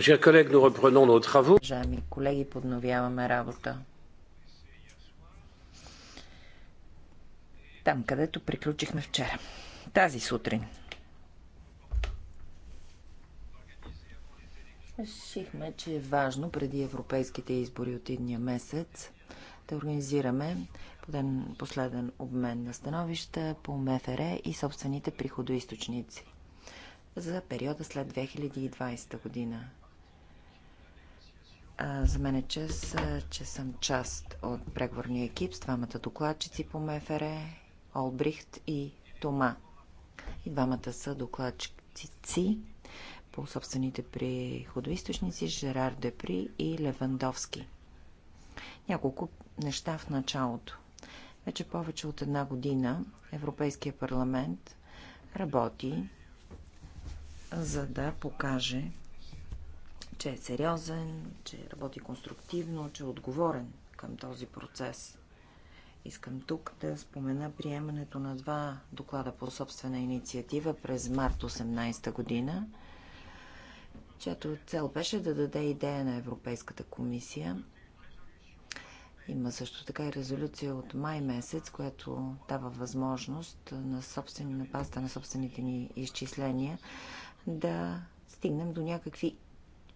Уважаеми колеги, подновяваме работа. Там, където приключихме вчера. Тази сутрин. Решихме, че е важно преди европейските избори от идния месец да организираме последен обмен на становища по МФР и собствените приходоисточници за периода след 2020 година. За мен е чест, че съм част от преговорния екип с двамата докладчици по МФР, Олбрихт и Тома. И двамата са докладчици по собствените приходоисточници Жерар Депри и Левандовски. Няколко неща в началото. Вече повече от една година Европейския парламент работи за да покаже че е сериозен, че работи конструктивно, че е отговорен към този процес. Искам тук да спомена приемането на два доклада по собствена инициатива през март 18 година, чиято цел беше да даде идея на Европейската комисия. Има също така и резолюция от май месец, която дава възможност на, собствени, на базата на собствените ни изчисления да стигнем до някакви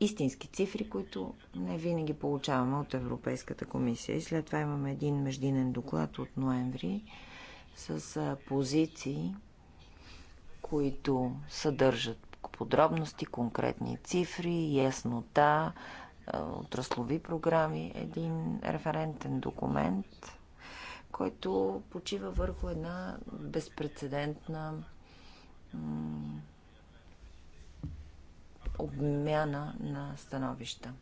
истински цифри, които не винаги получаваме от Европейската комисия. И след това имаме един междинен доклад от ноември с позиции, които съдържат подробности, конкретни цифри, яснота, отраслови програми, един референтен документ, който почива върху една безпредседентна обмяна на становища.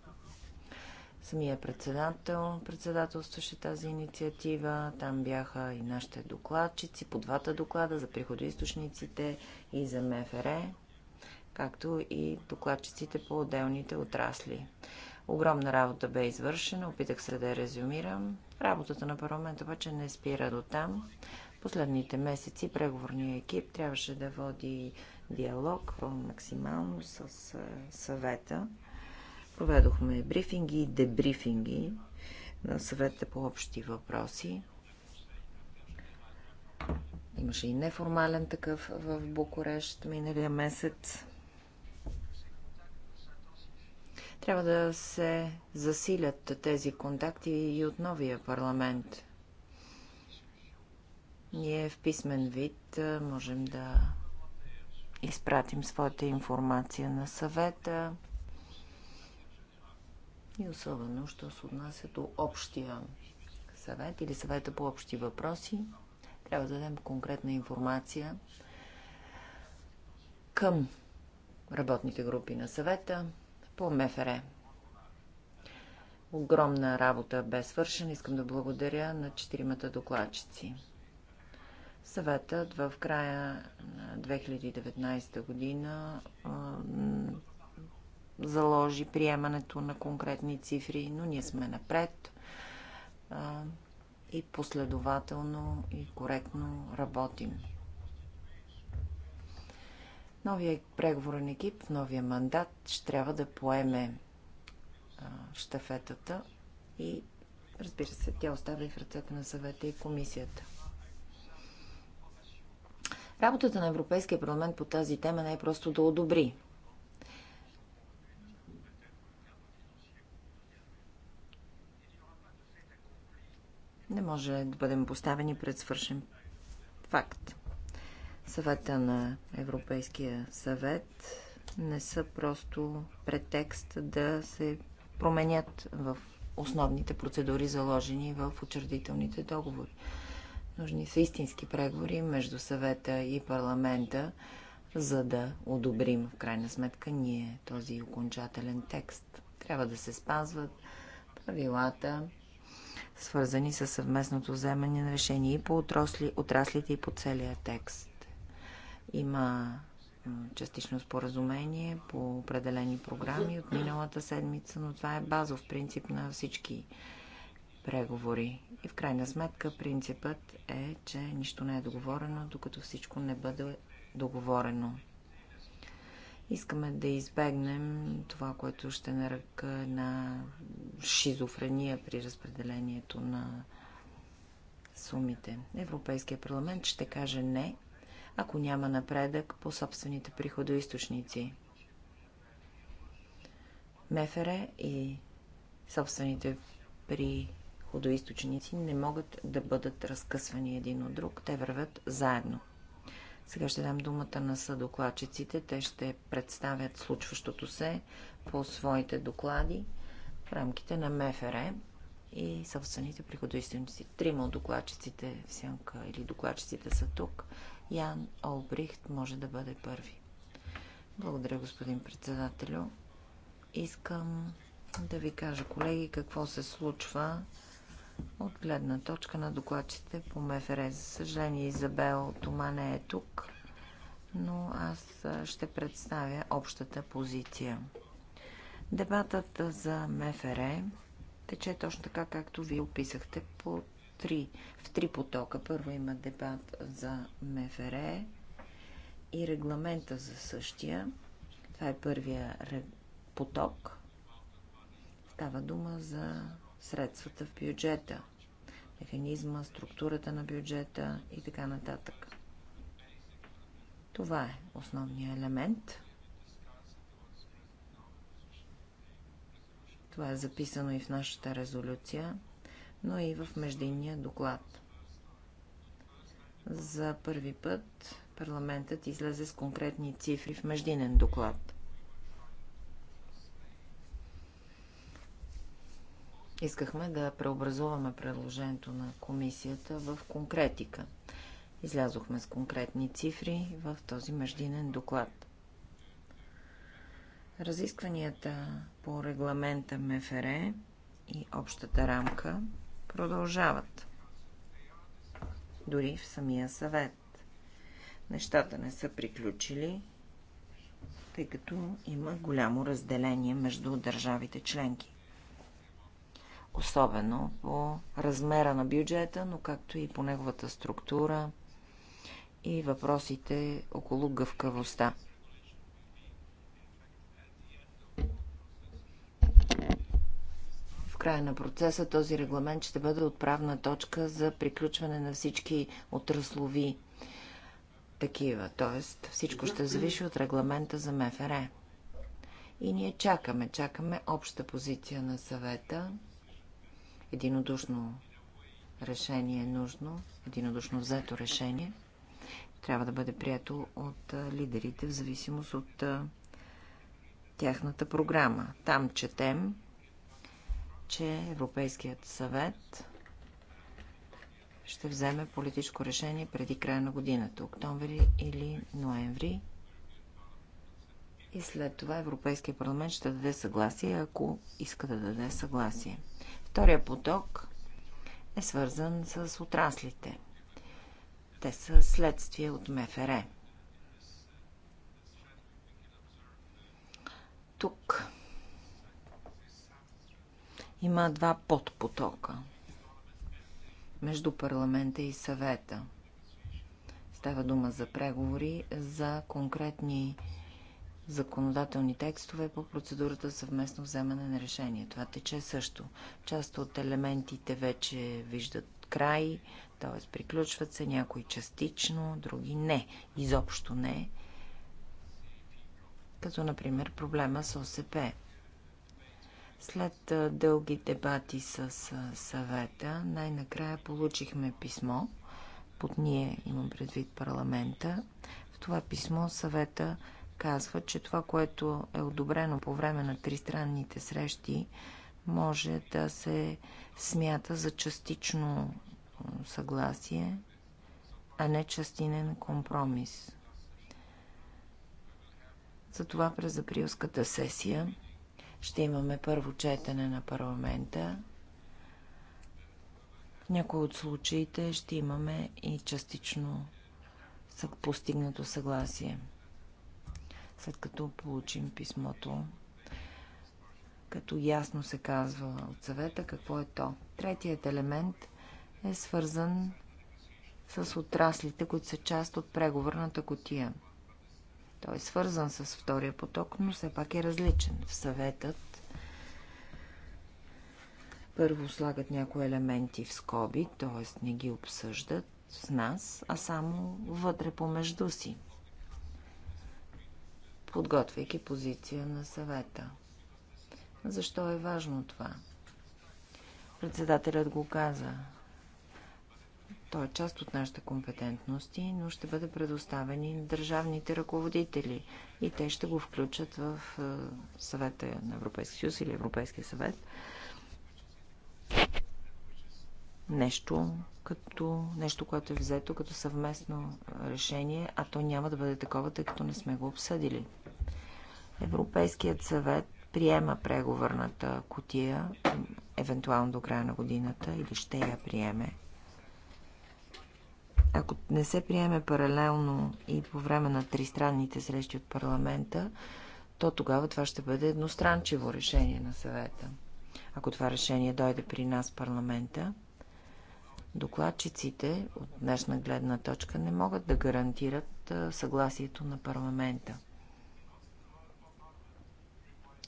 Самия председател председателстваше тази инициатива. Там бяха и нашите докладчици по двата доклада за приходоисточниците и за МФР, както и докладчиците по отделните отрасли. Огромна работа бе извършена, опитах се да я резюмирам. Работата на парламента обаче не спира до там. Последните месеци преговорният екип трябваше да води диалог максимално с съвета. Проведохме брифинги и дебрифинги на съвета по общи въпроси. Имаше и неформален такъв в Букурещ миналия месец. Трябва да се засилят тези контакти и от новия парламент. Ние в писмен вид можем да изпратим своята информация на съвета и особено, що се отнася до общия съвет или съвета по общи въпроси. Трябва да дадем конкретна информация към работните групи на съвета по МФР. Огромна работа бе свършена. Искам да благодаря на четиримата докладчици. Съветът в края на 2019 година заложи приемането на конкретни цифри, но ние сме напред и последователно и коректно работим. Новия преговорен екип, новия мандат ще трябва да поеме штафетата и разбира се, тя остава и в ръцете на съвета и комисията. Работата на Европейския парламент по тази тема не е просто да одобри. Не може да бъдем поставени пред свършен факт. Съвета на Европейския съвет не са просто претекст да се променят в основните процедури, заложени в учредителните договори. Нужни са истински преговори между съвета и парламента, за да одобрим в крайна сметка ние този окончателен текст. Трябва да се спазват правилата, свързани с съвместното вземане на решение и по отрасли, отраслите и по целия текст. Има частично споразумение по определени програми от миналата седмица, но това е базов принцип на всички преговори. И в крайна сметка принципът е, че нищо не е договорено, докато всичко не бъде договорено. Искаме да избегнем това, което ще наръка на шизофрения при разпределението на сумите. Европейския парламент ще каже не, ако няма напредък по собствените приходоисточници. Мефере и собствените при водоисточници не могат да бъдат разкъсвани един от друг. Те вървят заедно. Сега ще дам думата на съдокладчиците. Те ще представят случващото се по своите доклади в рамките на МФР и собствените приходоисточници. Трима от докладчиците в сянка или докладчиците са тук. Ян Олбрихт може да бъде първи. Благодаря, господин председателю. Искам да ви кажа, колеги, какво се случва от гледна точка на докладчите по МФР. За съжаление, Изабел Тома не е тук, но аз ще представя общата позиция. Дебатът за МФР тече точно така, както ви описахте, по три, в три потока. Първо има дебат за МФР и регламента за същия. Това е първия поток. Става дума за средствата в бюджета, механизма, структурата на бюджета и така нататък. Това е основния елемент. Това е записано и в нашата резолюция, но и в междинния доклад. За първи път парламентът излезе с конкретни цифри в междинен доклад. Искахме да преобразуваме предложението на комисията в конкретика. Излязохме с конкретни цифри в този междинен доклад. Разискванията по регламента МФР и общата рамка продължават. Дори в самия съвет. Нещата не са приключили, тъй като има голямо разделение между държавите членки особено по размера на бюджета, но както и по неговата структура и въпросите около гъвкавостта. В края на процеса този регламент ще бъде отправна точка за приключване на всички отраслови такива, т.е. всичко ще зависи от регламента за МФР. И ние чакаме, чакаме обща позиция на съвета Единодушно решение е нужно, единодушно взето решение. Трябва да бъде прието от лидерите в зависимост от тяхната програма. Там четем, че Европейският съвет ще вземе политическо решение преди края на годината, октомври или ноември. И след това Европейския парламент ще даде съгласие, ако иска да даде съгласие. Втория поток е свързан с отраслите. Те са следствие от МФР. Тук има два подпотока между парламента и съвета. Става дума за преговори за конкретни законодателни текстове по процедурата съвместно вземане на решение. Това тече също. Част от елементите вече виждат край, т.е. приключват се някои частично, други не. Изобщо не. Като, например, проблема с ОСП. След дълги дебати с съвета, най-накрая получихме писмо, под ние имам предвид парламента. В това писмо съвета казва, че това, което е одобрено по време на тристранните срещи, може да се смята за частично съгласие, а не частинен компромис. Затова през априлската сесия ще имаме първо четене на парламента. В някои от случаите ще имаме и частично постигнато съгласие след като получим писмото, като ясно се казва от съвета какво е то. Третият елемент е свързан с отраслите, които са част от преговорната котия. Той е свързан с втория поток, но все пак е различен. В съветът първо слагат някои елементи в скоби, т.е. не ги обсъждат с нас, а само вътре помежду си подготвяйки позиция на съвета. Защо е важно това? Председателят го каза. Той е част от нашите компетентности, но ще бъде предоставени на държавните ръководители и те ще го включат в е, съвета на Европейския съюз или Европейския съвет нещо, като нещо, което е взето като съвместно решение, а то няма да бъде такова, тъй като не сме го обсъдили. Европейският съвет приема преговорната котия, евентуално до края на годината, или ще я приеме. Ако не се приеме паралелно и по време на тристранните срещи от парламента, то тогава това ще бъде едностранчиво решение на съвета. Ако това решение дойде при нас парламента, Докладчиците от днешна гледна точка не могат да гарантират съгласието на парламента.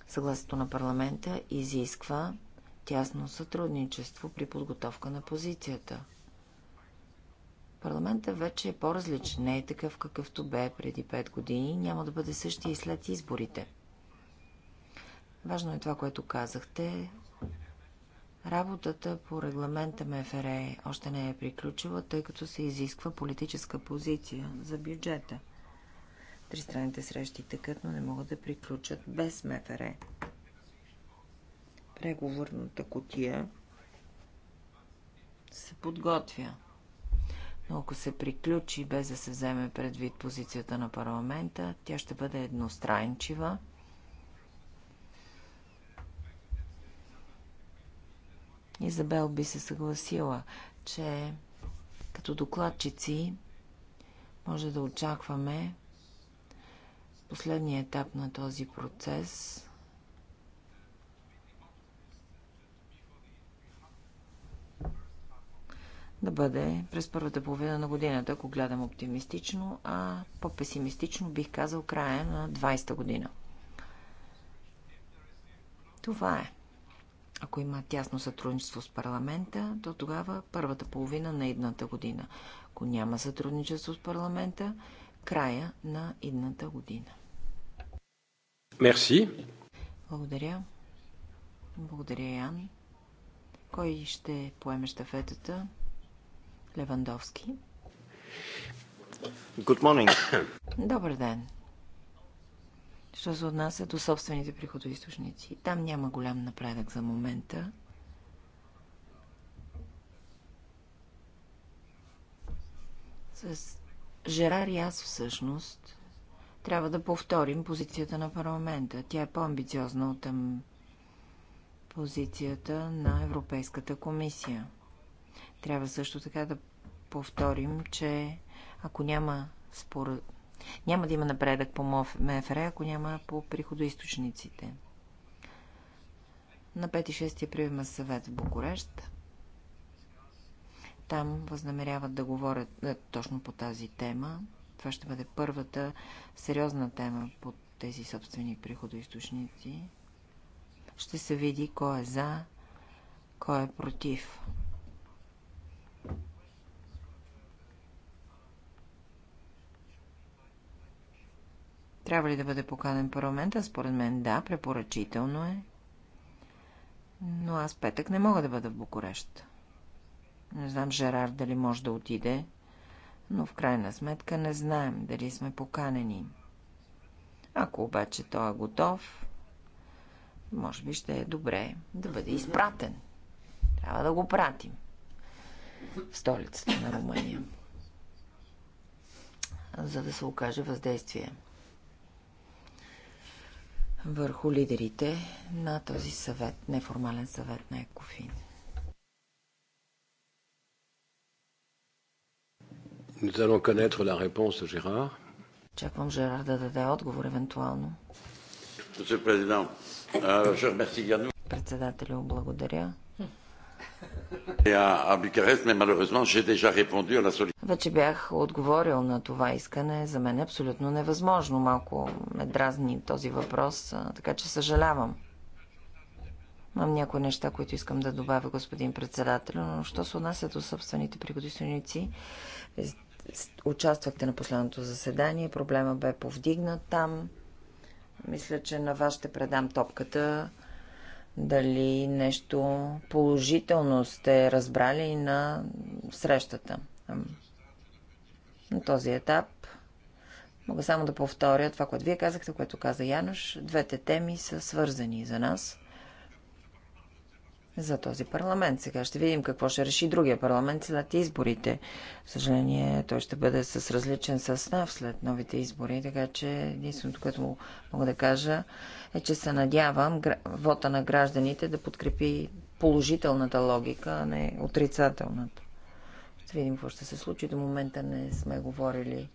Съгласието на парламента изисква тясно сътрудничество при подготовка на позицията. Парламента вече е по-различен, не е такъв какъвто бе преди 5 години, няма да бъде същия и след изборите. Важно е това, което казахте Работата по регламента МФР е още не е приключила, тъй като се изисква политическа позиция за бюджета. Тристранните срещи тъкат, но не могат да приключат без МФР. Е. Преговорната котия се подготвя. Но ако се приключи без да се вземе предвид позицията на парламента, тя ще бъде едностранчива Изабел би се съгласила, че като докладчици може да очакваме последния етап на този процес да бъде през първата половина на годината, ако гледам оптимистично, а по-песимистично бих казал края на 20-та година. Това е. Ако има тясно сътрудничество с парламента, то тогава първата половина на едната година. Ако няма сътрудничество с парламента, края на едната година. Мерси. Благодаря. Благодаря, Ян. Кой ще поеме щафетата? Левандовски. Good morning. Добър ден. Що се отнася до собствените приходоисточници? Там няма голям напредък за момента. С Жерар и аз всъщност трябва да повторим позицията на парламента. Тя е по-амбициозна от позицията на Европейската комисия. Трябва също така да повторим, че ако няма според няма да има напредък по МФР, ако няма по приходоисточниците. На 5 и 6 април има съвет в Букурещ. Там възнамеряват да говорят е, точно по тази тема. Това ще бъде първата сериозна тема по тези собствени приходоисточници. Ще се види кой е за, кой е против Трябва ли да бъде поканен парламента? Според мен да, препоръчително е. Но аз петък не мога да бъда в Букурещ. Не знам Жерар дали може да отиде, но в крайна сметка не знаем дали сме поканени. Ако обаче той е готов, може би ще е добре да бъде изпратен. Трябва да го пратим в столицата на Румъния, за да се окаже въздействие върху лидерите на този съвет, неформален съвет на ЕКОФИН. Nous allons connaître la réponse, Gérard. Чаквам Жерар да даде отговор, евентуално. Euh, Председателю, благодаря. Вече бях отговорил на това искане. За мен е абсолютно невъзможно. Малко ме дразни този въпрос, така че съжалявам. Имам някои неща, които искам да добавя, господин председател, но що се отнася до собствените пригодисленици, е, участвахте на последното заседание, проблема бе повдигнат там. Мисля, че на вас ще предам топката дали нещо положително сте разбрали на срещата? На този етап мога само да повторя това, което вие казахте, което каза Януш. Двете теми са свързани за нас за този парламент. Сега ще видим какво ще реши другия парламент след изборите. Съжаление, той ще бъде с различен състав след новите избори, така че единственото, което мога да кажа е, че се надявам вота на гражданите да подкрепи положителната логика, а не отрицателната. Ще видим какво ще се случи. До момента не сме говорили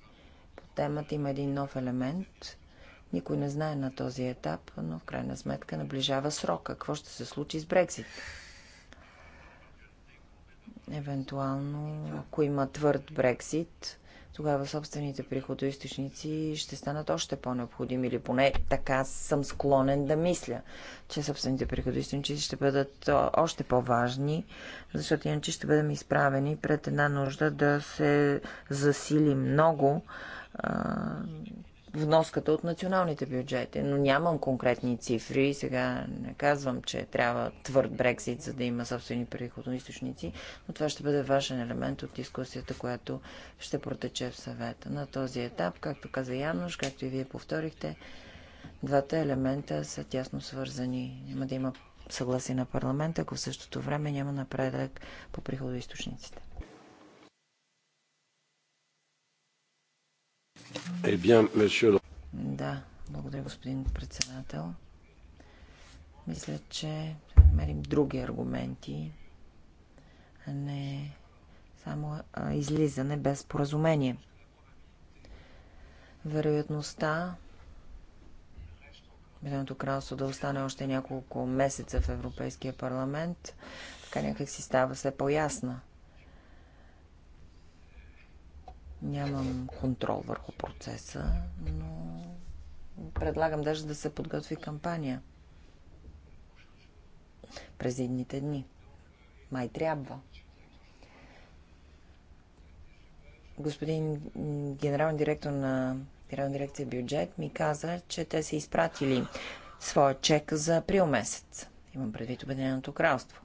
по темата. Има един нов елемент – никой не знае на този етап, но в крайна сметка наближава срока. Какво ще се случи с Брексит? Евентуално, ако има твърд Брексит, тогава собствените приходоисточници ще станат още по-необходими, или поне така съм склонен да мисля, че собствените приходоисточници ще бъдат още по-важни, защото иначе ще бъдем изправени пред една нужда да се засили много вноската от националните бюджети. Но нямам конкретни цифри. Сега не казвам, че трябва твърд Брексит, за да има собствени приходоисточници, но това ще бъде важен елемент от дискусията, която ще протече в съвета. На този етап, както каза Януш, както и вие повторихте, двата елемента са тясно свързани. Няма да има съгласие на парламента, ако в същото време няма напредък по приходоисточниците. Eh да, благодаря, господин председател. Мисля, че намерим други аргументи, а не само излизане без поразумение. Вероятността Обединеното кралство да остане още няколко месеца в Европейския парламент, така някак си става все по-ясна. Нямам контрол върху процеса, но предлагам даже да се подготви кампания през едните дни. Май трябва. Господин генерален директор на Генерална дирекция бюджет ми каза, че те са изпратили своя чек за април месец. Имам предвид Обединеното кралство.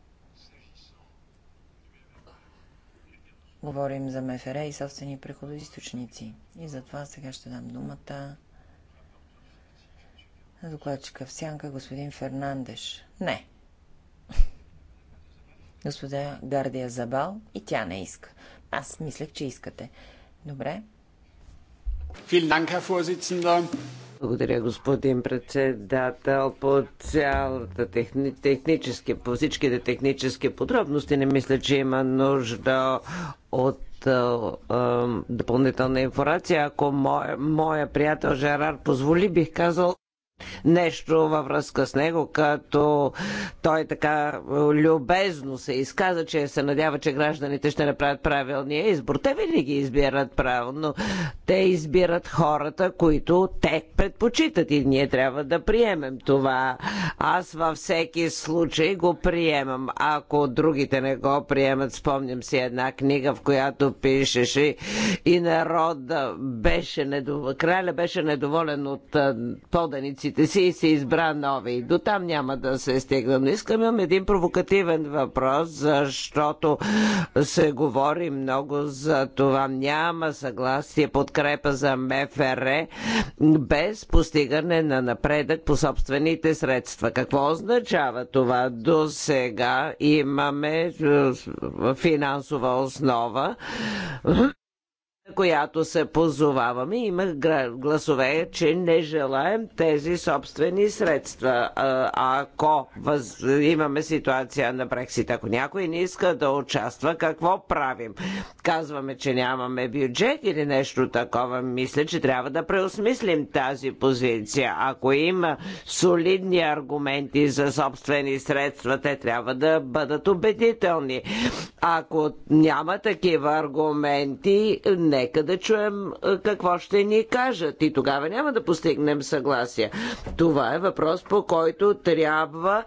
Говорим за МФР и собствени източници. И затова сега ще дам думата на докладчика в сянка господин Фернандеш. Не. Господа Гардия Забал и тя не иска. Аз мислех, че искате. Добре. Vielen Dank, благодаря, господин председател. По цялата техни, технически, по всичките технически подробности не мисля, че има нужда от е, е, допълнителна информация. Ако моя, моя приятел Жерар позволи, бих казал нещо във връзка с него, като той така е, любезно се изказа, че се надява, че гражданите ще направят правилния избор. Те винаги избират правилно. Те избират хората, които те предпочитат и ние трябва да приемем това. Аз във всеки случай го приемам. Ако другите не го приемат, спомням си една книга, в която пишеше и народа беше недов... краля беше недоволен от поданиците партиите си и се избра нови. До там няма да се стигна. Но искам един провокативен въпрос, защото се говори много за това. Няма съгласие, подкрепа за МФР без постигане на напредък по собствените средства. Какво означава това? До сега имаме е, финансова основа която се позоваваме. Има гласове, че не желаем тези собствени средства. А ако въз... имаме ситуация на Брексит, ако някой не иска да участва, какво правим? Казваме, че нямаме бюджет или нещо такова. Мисля, че трябва да преосмислим тази позиция. Ако има солидни аргументи за собствени средства, те трябва да бъдат убедителни. Ако няма такива аргументи, нека да чуем е, какво ще ни кажат. И тогава няма да постигнем съгласие. Това е въпрос, по който трябва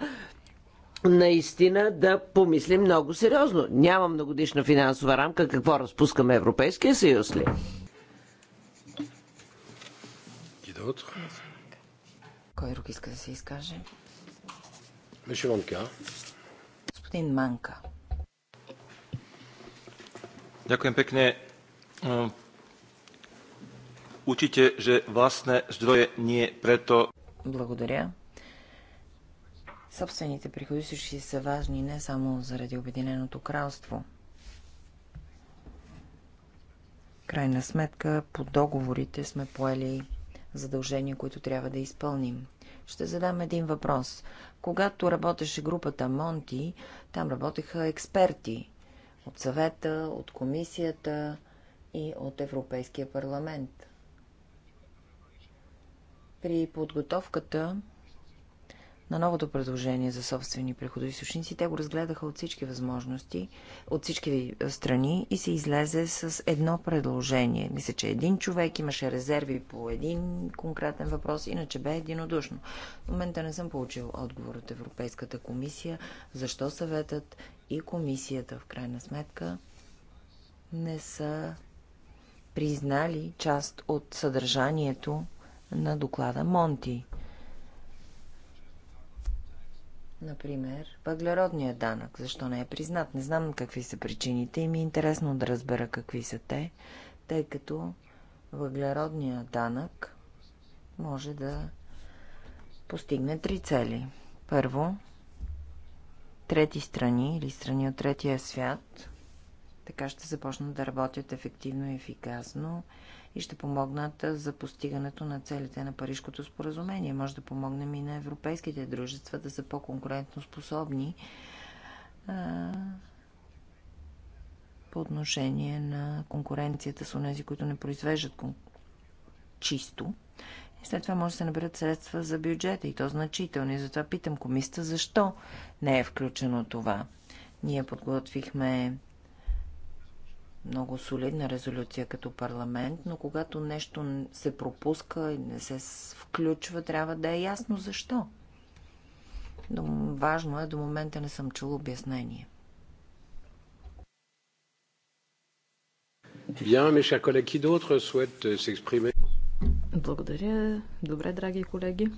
наистина да помислим много сериозно. Няма многодишна финансова рамка. Какво разпускаме Европейския съюз ли? Кой друг иска да се изкаже? Господин Манка. Ďakujem пекне. Учите, властне здрое ни е прето. Благодаря. Собствените приходи са важни не само заради Обединеното кралство. Крайна сметка, по договорите сме поели задължения, които трябва да изпълним. Ще задам един въпрос. Когато работеше групата Монти, там работеха експерти от съвета, от комисията, и от Европейския парламент. При подготовката на новото предложение за собствени приходоисточници, те го разгледаха от всички възможности, от всички страни и се излезе с едно предложение. Мисля, че един човек имаше резерви по един конкретен въпрос, иначе бе единодушно. В момента не съм получил отговор от Европейската комисия, защо съветът и комисията в крайна сметка не са признали част от съдържанието на доклада Монти. Например, въглеродният данък. Защо не е признат? Не знам какви са причините и ми е интересно да разбера какви са те, тъй като въглеродният данък може да постигне три цели. Първо, трети страни или страни от третия свят така ще започнат да работят ефективно и ефикасно и ще помогнат за постигането на целите на Парижкото споразумение. Може да помогнем и на европейските дружества да са по-конкурентно способни а, по отношение на конкуренцията с онези, които не произвеждат кон... чисто. И след това може да се наберат средства за бюджета и то значителни. Затова питам комисията защо не е включено това. Ние подготвихме много солидна резолюция като парламент, но когато нещо се пропуска и не се включва, трябва да е ясно защо. Но важно е, до момента не съм чул обяснение. Bien, mes chers collègues, qui d'autre souhaite s'exprimer Благодаря. Добре, драги колеги.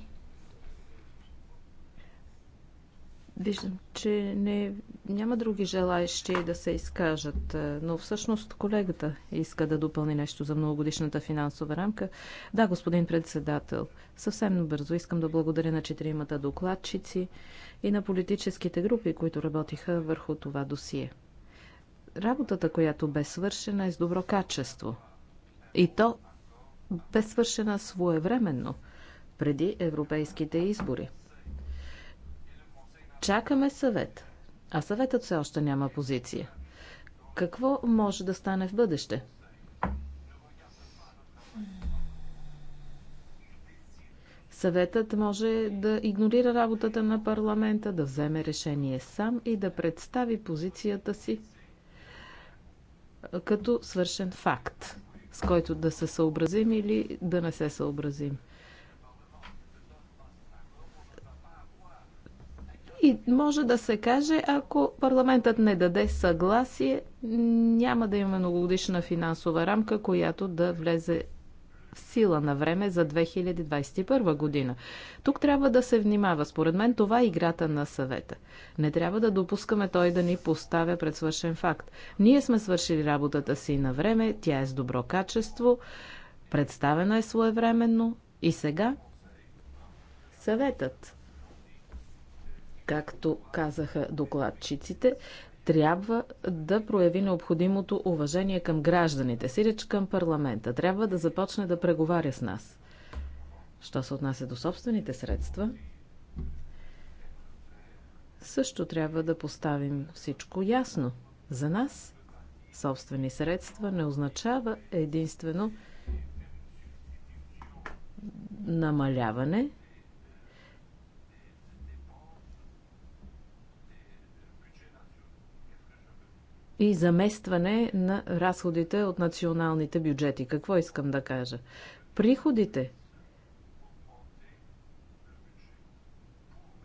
Виждам, че не, няма други желаещи да се изкажат, е, но всъщност колегата иска да допълни нещо за многогодишната финансова рамка. Да, господин председател, съвсем бързо искам да благодаря на четиримата докладчици и на политическите групи, които работиха върху това досие. Работата, която бе свършена е с добро качество. И то бе свършена своевременно, преди европейските избори – Чакаме съвет, а съветът все още няма позиция. Какво може да стане в бъдеще? Съветът може да игнорира работата на парламента, да вземе решение сам и да представи позицията си като свършен факт, с който да се съобразим или да не се съобразим. И може да се каже, ако парламентът не даде съгласие, няма да има многогодишна финансова рамка, която да влезе в сила на време за 2021 година. Тук трябва да се внимава. Според мен това е играта на съвета. Не трябва да допускаме той да ни поставя пред свършен факт. Ние сме свършили работата си на време, тя е с добро качество, представена е своевременно и сега съветът както казаха докладчиците, трябва да прояви необходимото уважение към гражданите, сиреч към парламента. Трябва да започне да преговаря с нас. Що се отнася до собствените средства, също трябва да поставим всичко ясно. За нас собствени средства не означава единствено намаляване и заместване на разходите от националните бюджети. Какво искам да кажа? Приходите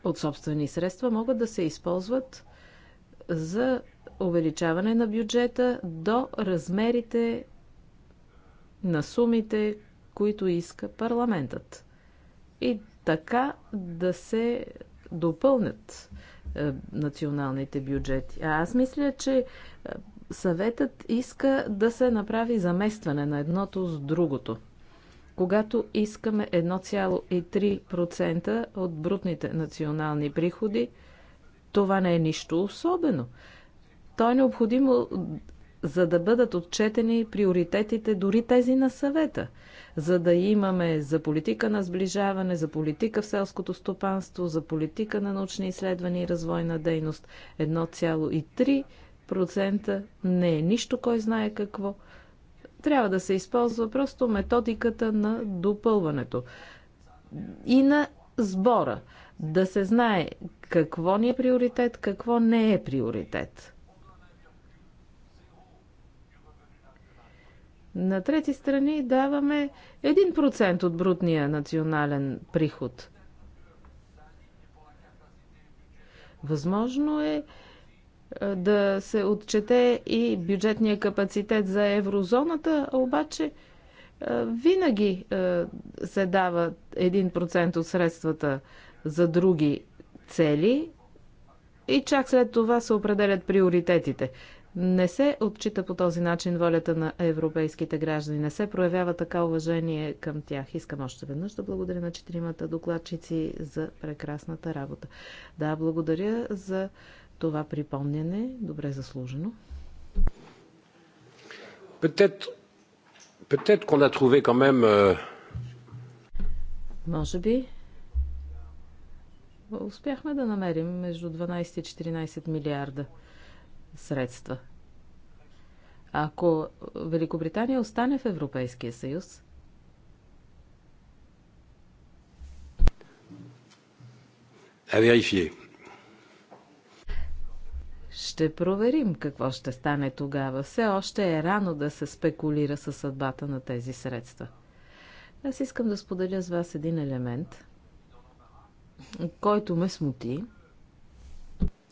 от собствени средства могат да се използват за увеличаване на бюджета до размерите на сумите, които иска парламентът. И така да се допълнят е, националните бюджети. А аз мисля, че е, съветът иска да се направи заместване на едното с другото. Когато искаме 1,3% от брутните национални приходи, това не е нищо особено. То е необходимо за да бъдат отчетени приоритетите, дори тези на съвета, за да имаме за политика на сближаване, за политика в селското стопанство, за политика на научни изследвания и развойна дейност 1,3% не е нищо, кой знае какво. Трябва да се използва просто методиката на допълването и на сбора. Да се знае какво ни е приоритет, какво не е приоритет На трети страни даваме 1% от брутния национален приход. Възможно е да се отчете и бюджетния капацитет за еврозоната, обаче винаги се дава 1% от средствата за други цели и чак след това се определят приоритетите. Не се отчита по този начин волята на европейските граждани. Не се проявява така уважение към тях. Искам още веднъж да благодаря на четиримата докладчици за прекрасната работа. Да, благодаря за това припомняне. Добре заслужено. Euh, Може би успяхме да намерим между 12 и 14 милиарда средства. Ако Великобритания остане в Европейския съюз, А Ще проверим какво ще стане тогава. Все още е рано да се спекулира със съдбата на тези средства. Аз искам да споделя с вас един елемент, който ме смути.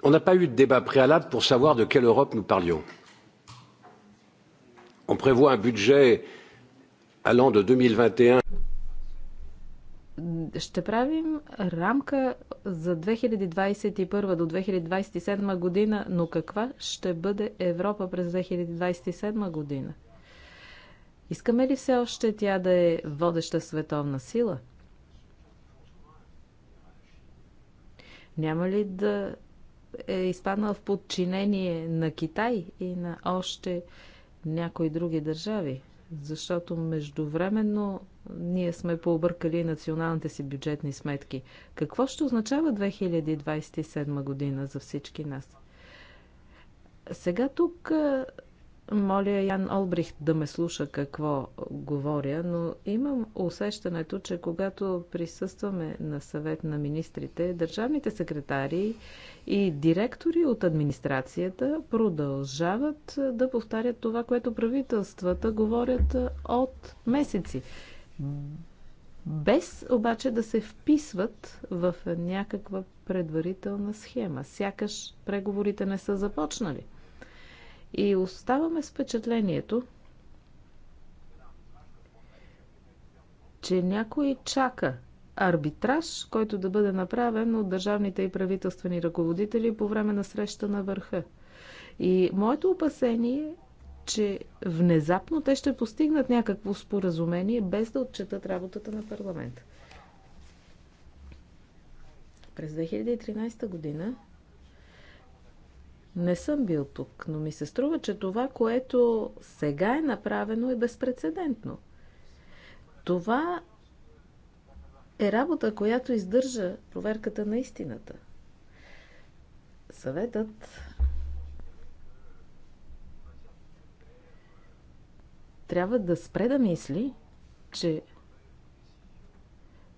On n'a pas eu de débat préalable pour savoir de quelle Europe nous parlions. On prévoit un budget allant de 2021 ще правим рамка за 2021 до 2027 година, но каква ще бъде Европа през 2027 година? Искаме ли все още тя да е водеща световна сила? Няма ли да е изпаднал в подчинение на Китай и на още някои други държави, защото междувременно ние сме пообъркали националните си бюджетни сметки. Какво ще означава 2027 година за всички нас? Сега тук моля Ян Олбрихт да ме слуша какво говоря, но имам усещането, че когато присъстваме на съвет на министрите, държавните секретари и директори от администрацията продължават да повтарят това, което правителствата говорят от месеци. Без обаче да се вписват в някаква предварителна схема. Сякаш преговорите не са започнали. И оставаме с впечатлението, че някой чака арбитраж, който да бъде направен от държавните и правителствени ръководители по време на среща на върха. И моето опасение е, че внезапно те ще постигнат някакво споразумение, без да отчетат работата на парламента. През 2013 година не съм бил тук, но ми се струва, че това, което сега е направено, е безпредседентно. Това е работа, която издържа проверката на истината. Съветът трябва да спре да мисли, че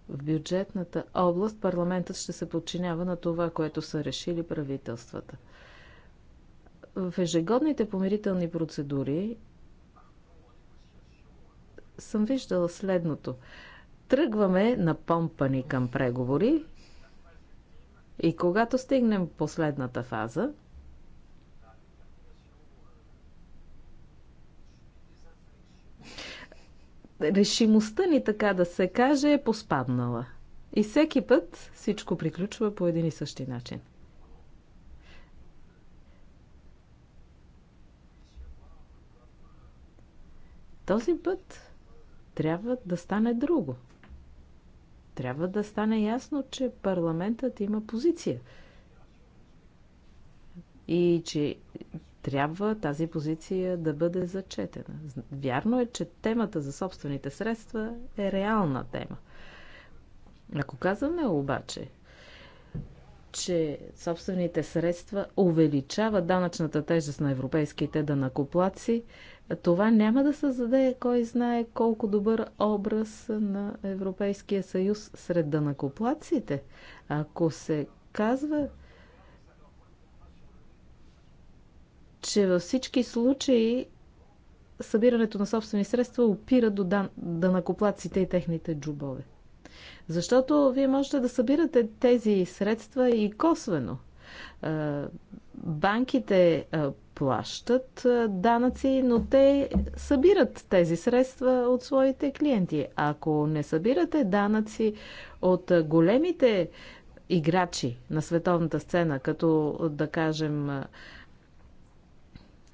в бюджетната област парламентът ще се подчинява на това, което са решили правителствата – в ежегодните помирителни процедури съм виждала следното. Тръгваме на помпани към преговори и когато стигнем последната фаза, решимостта ни, така да се каже, е поспаднала. И всеки път всичко приключва по един и същи начин – Този път трябва да стане друго. Трябва да стане ясно, че парламентът има позиция. И че трябва тази позиция да бъде зачетена. Вярно е, че темата за собствените средства е реална тема. Ако казваме обаче, че собствените средства увеличава данъчната тежест на европейските данакоплаци, това няма да създаде кой знае колко добър образ на Европейския съюз сред данакоплаците. Ако се казва, че във всички случаи събирането на собствени средства опира до дан... данакоплаците и техните джубове. Защото вие можете да събирате тези средства и косвено. Банките плащат данъци, но те събират тези средства от своите клиенти. Ако не събирате данъци от големите играчи на световната сцена, като да кажем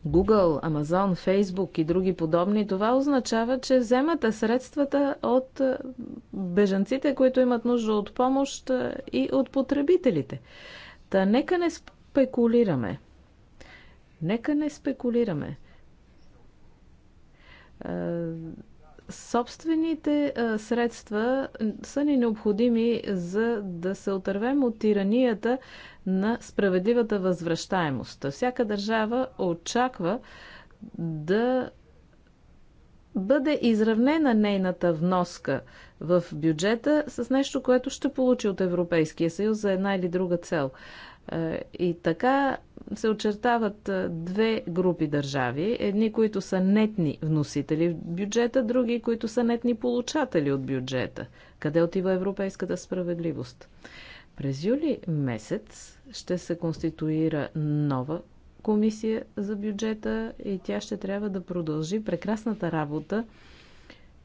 Google, Amazon, Facebook и други подобни, това означава, че вземате средствата от е, бежанците, които имат нужда от помощ е, и от потребителите. Та нека не спекулираме. Нека не спекулираме. Е, собствените средства са ни необходими за да се отървем от тиранията на справедливата възвръщаемост. Всяка държава очаква да бъде изравнена нейната вноска в бюджета с нещо, което ще получи от Европейския съюз за една или друга цел. Е, и така се очертават е, две групи държави. Едни, които са нетни вносители в бюджета, други, които са нетни получатели от бюджета. Къде отива европейската справедливост? През юли месец ще се конституира нова комисия за бюджета и тя ще трябва да продължи прекрасната работа,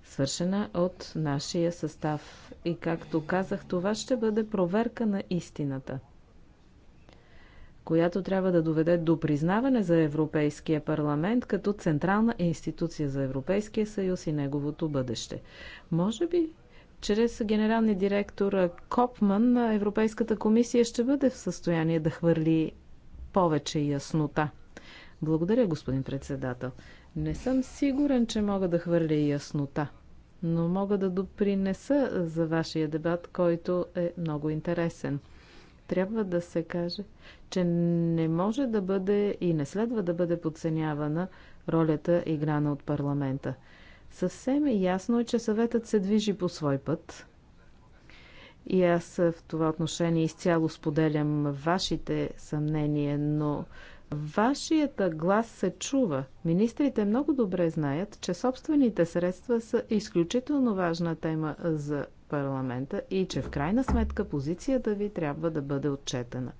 свършена от нашия състав. И както казах, това ще бъде проверка на истината, която трябва да доведе до признаване за Европейския парламент като централна институция за Европейския съюз и неговото бъдеще. Може би чрез генералния директор Копман Европейската комисия ще бъде в състояние да хвърли повече яснота. Благодаря, господин председател. Не съм сигурен, че мога да хвърля яснота, но мога да допринеса за вашия дебат, който е много интересен. Трябва да се каже, че не може да бъде и не следва да бъде подценявана ролята играна от парламента. Съвсем е ясно е, че съветът се движи по свой път. И аз в това отношение изцяло споделям вашите съмнения, но вашията глас се чува. Министрите много добре знаят, че собствените средства са изключително важна тема за парламента и че в крайна сметка позицията ви трябва да бъде отчетена.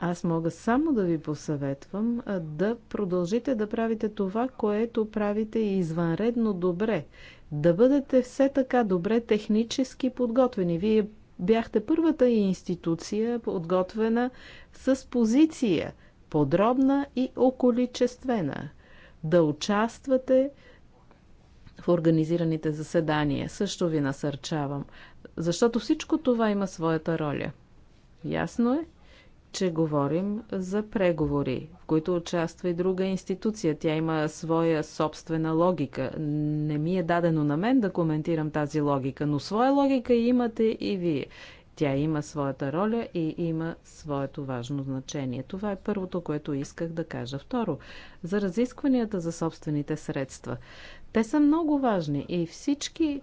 Аз мога само да ви посъветвам да продължите да правите това, което правите извънредно добре. Да бъдете все така добре технически подготвени. Вие бяхте първата институция подготвена с позиция подробна и околичествена. Да участвате в организираните заседания. Също ви насърчавам, защото всичко това има своята роля. Ясно е? че говорим за преговори, в които участва и друга институция. Тя има своя собствена логика. Не ми е дадено на мен да коментирам тази логика, но своя логика имате и вие. Тя има своята роля и има своето важно значение. Това е първото, което исках да кажа. Второ, за разискванията за собствените средства. Те са много важни и всички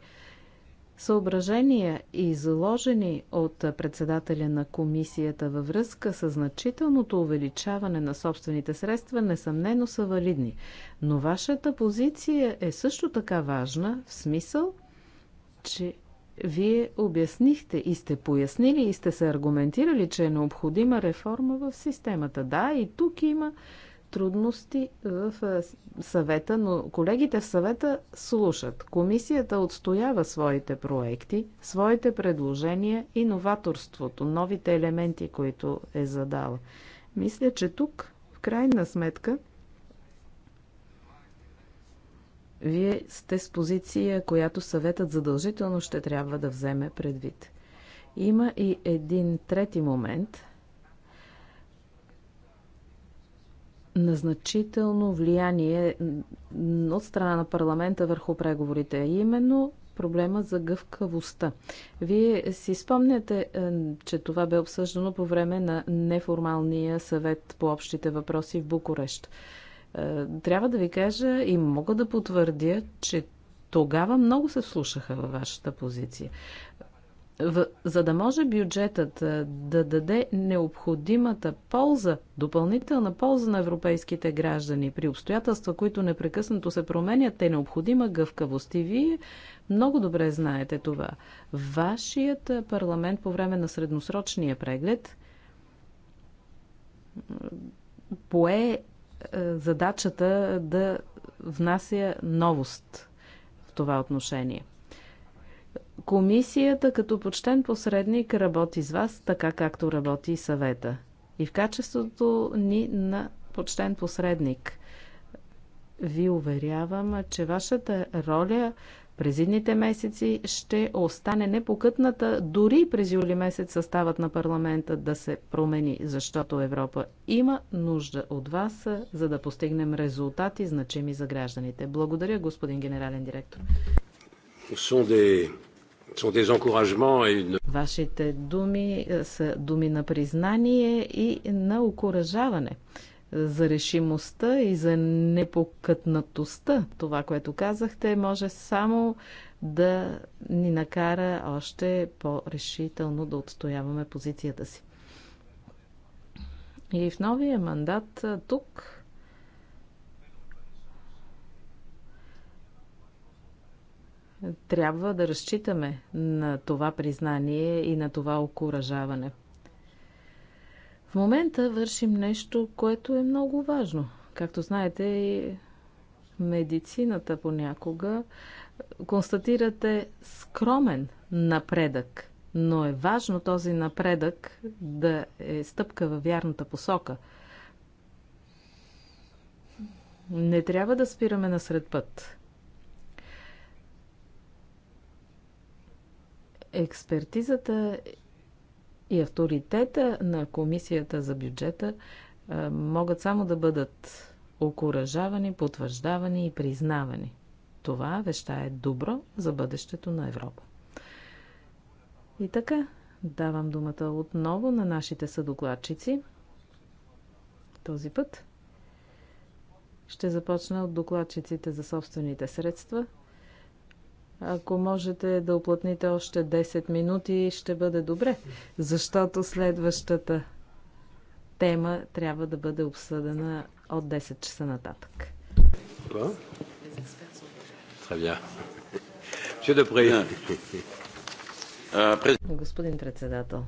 съображения, изложени от председателя на комисията във връзка с значителното увеличаване на собствените средства, несъмнено са валидни. Но вашата позиция е също така важна в смисъл, че вие обяснихте и сте пояснили и сте се аргументирали, че е необходима реформа в системата. Да, и тук има трудности в съвета, но колегите в съвета слушат. Комисията отстоява своите проекти, своите предложения и новаторството, новите елементи, които е задала. Мисля, че тук, в крайна сметка, вие сте с позиция, която съветът задължително ще трябва да вземе предвид. Има и един трети момент, на значително влияние от страна на парламента върху преговорите, а именно проблема за гъвкавостта. Вие си спомняте, е, че това бе обсъждано по време на неформалния съвет по общите въпроси в Букурещ. Е, трябва да ви кажа и мога да потвърдя, че тогава много се слушаха във вашата позиция за да може бюджетът да даде необходимата полза, допълнителна полза на европейските граждани при обстоятелства, които непрекъснато се променят, е необходима гъвкавост. И вие много добре знаете това. Вашият парламент по време на средносрочния преглед пое задачата да внася новост в това отношение – Комисията като почтен посредник работи с вас, така както работи и съвета. И в качеството ни на почтен посредник ви уверявам, че вашата роля през едните месеци ще остане непокътната, дори през юли месец съставът на парламента да се промени, защото Европа има нужда от вас, за да постигнем резултати, значими за гражданите. Благодаря, господин генерален директор. Ce sont des Вашите думи е, са думи на признание и на окоръжаване за решимостта и за непокътнатостта. Това, което казахте, може само да ни накара още по-решително да отстояваме позицията си. И в новия мандат е, тук трябва да разчитаме на това признание и на това окоръжаване. В момента вършим нещо, което е много важно. Както знаете, медицината понякога е, констатирате скромен напредък, но е важно този напредък да е стъпка във вярната посока. Не трябва да спираме насред път. Експертизата и авторитета на Комисията за бюджета е, могат само да бъдат окоръжавани, потвърждавани и признавани. Това веща е добро за бъдещето на Европа. И така, давам думата отново на нашите съдокладчици. Този път ще започна от докладчиците за собствените средства, ако можете да оплътните още 10 минути, ще бъде добре, защото следващата тема трябва да бъде обсъдена от 10 часа нататък. Euh, Господин председател,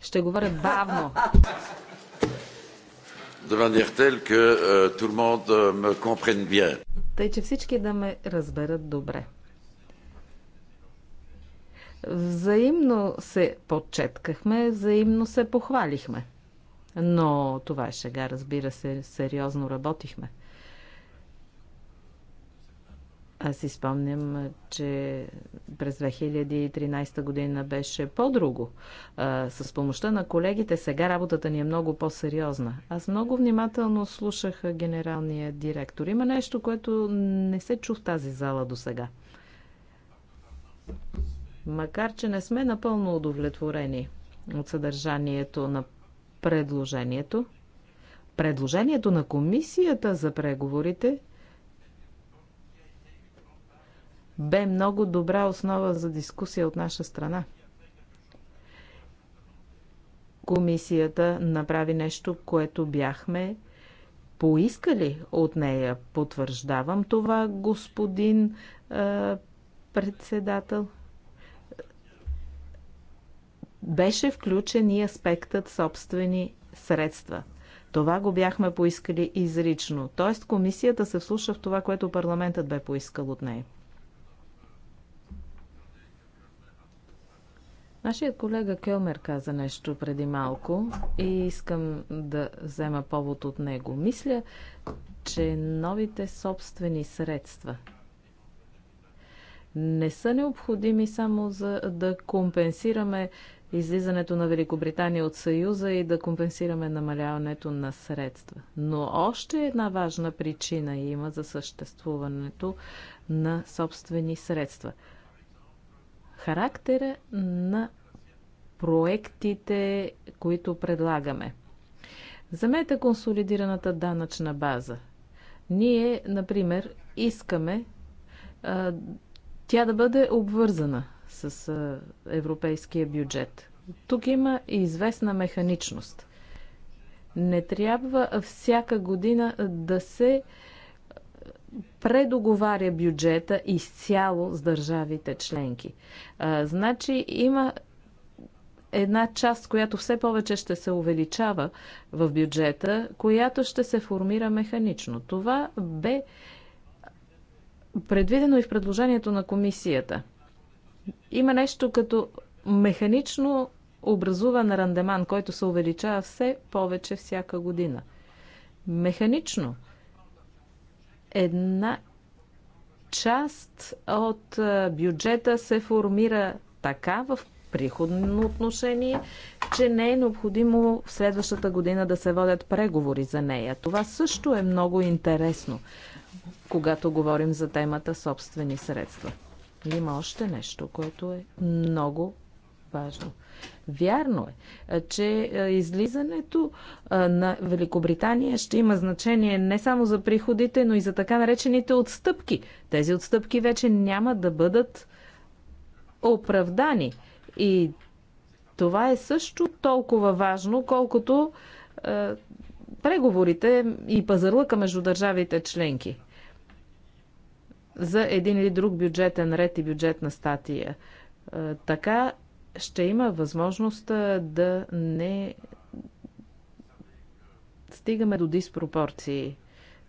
ще говоря бавно. De manière telle que euh, tout le monde euh, me comprenne bien тъй че всички да ме разберат добре. Взаимно се подчеткахме, взаимно се похвалихме. Но това е шега, разбира се, сериозно работихме. Аз си спомням, че през 2013 година беше по-друго. С помощта на колегите сега работата ни е много по-сериозна. Аз много внимателно слушах генералния директор. Има нещо, което не се чу в тази зала до сега. Макар, че не сме напълно удовлетворени от съдържанието на предложението, предложението на комисията за преговорите – бе много добра основа за дискусия от наша страна. Комисията направи нещо, което бяхме поискали от нея. Потвърждавам това, господин е, председател. Беше включен и аспектът собствени средства. Това го бяхме поискали изрично. Тоест комисията се вслуша в това, което парламентът бе поискал от нея. Нашият колега Келмер каза нещо преди малко и искам да взема повод от него. Мисля, че новите собствени средства не са необходими само за да компенсираме излизането на Великобритания от Съюза и да компенсираме намаляването на средства. Но още една важна причина има за съществуването на собствени средства характера на проектите, които предлагаме. Замете консолидираната данъчна база. Ние, например, искаме а, тя да бъде обвързана с а, европейския бюджет. Тук има и известна механичност. Не трябва всяка година да се предоговаря бюджета изцяло с държавите членки. А, значи има една част, която все повече ще се увеличава в бюджета, която ще се формира механично. Това бе предвидено и в предложението на комисията. Има нещо като механично образуван рандеман, който се увеличава все повече всяка година. Механично една част от бюджета се формира така в приходно отношение, че не е необходимо в следващата година да се водят преговори за нея. Това също е много интересно, когато говорим за темата собствени средства. Има още нещо, което е много важно. Вярно е, че излизането на Великобритания ще има значение не само за приходите, но и за така наречените отстъпки. Тези отстъпки вече няма да бъдат оправдани. И това е също толкова важно, колкото е, преговорите и пазарлъка между държавите членки за един или друг бюджетен ред и бюджетна статия. Е, така ще има възможност е, да не стигаме до диспропорции,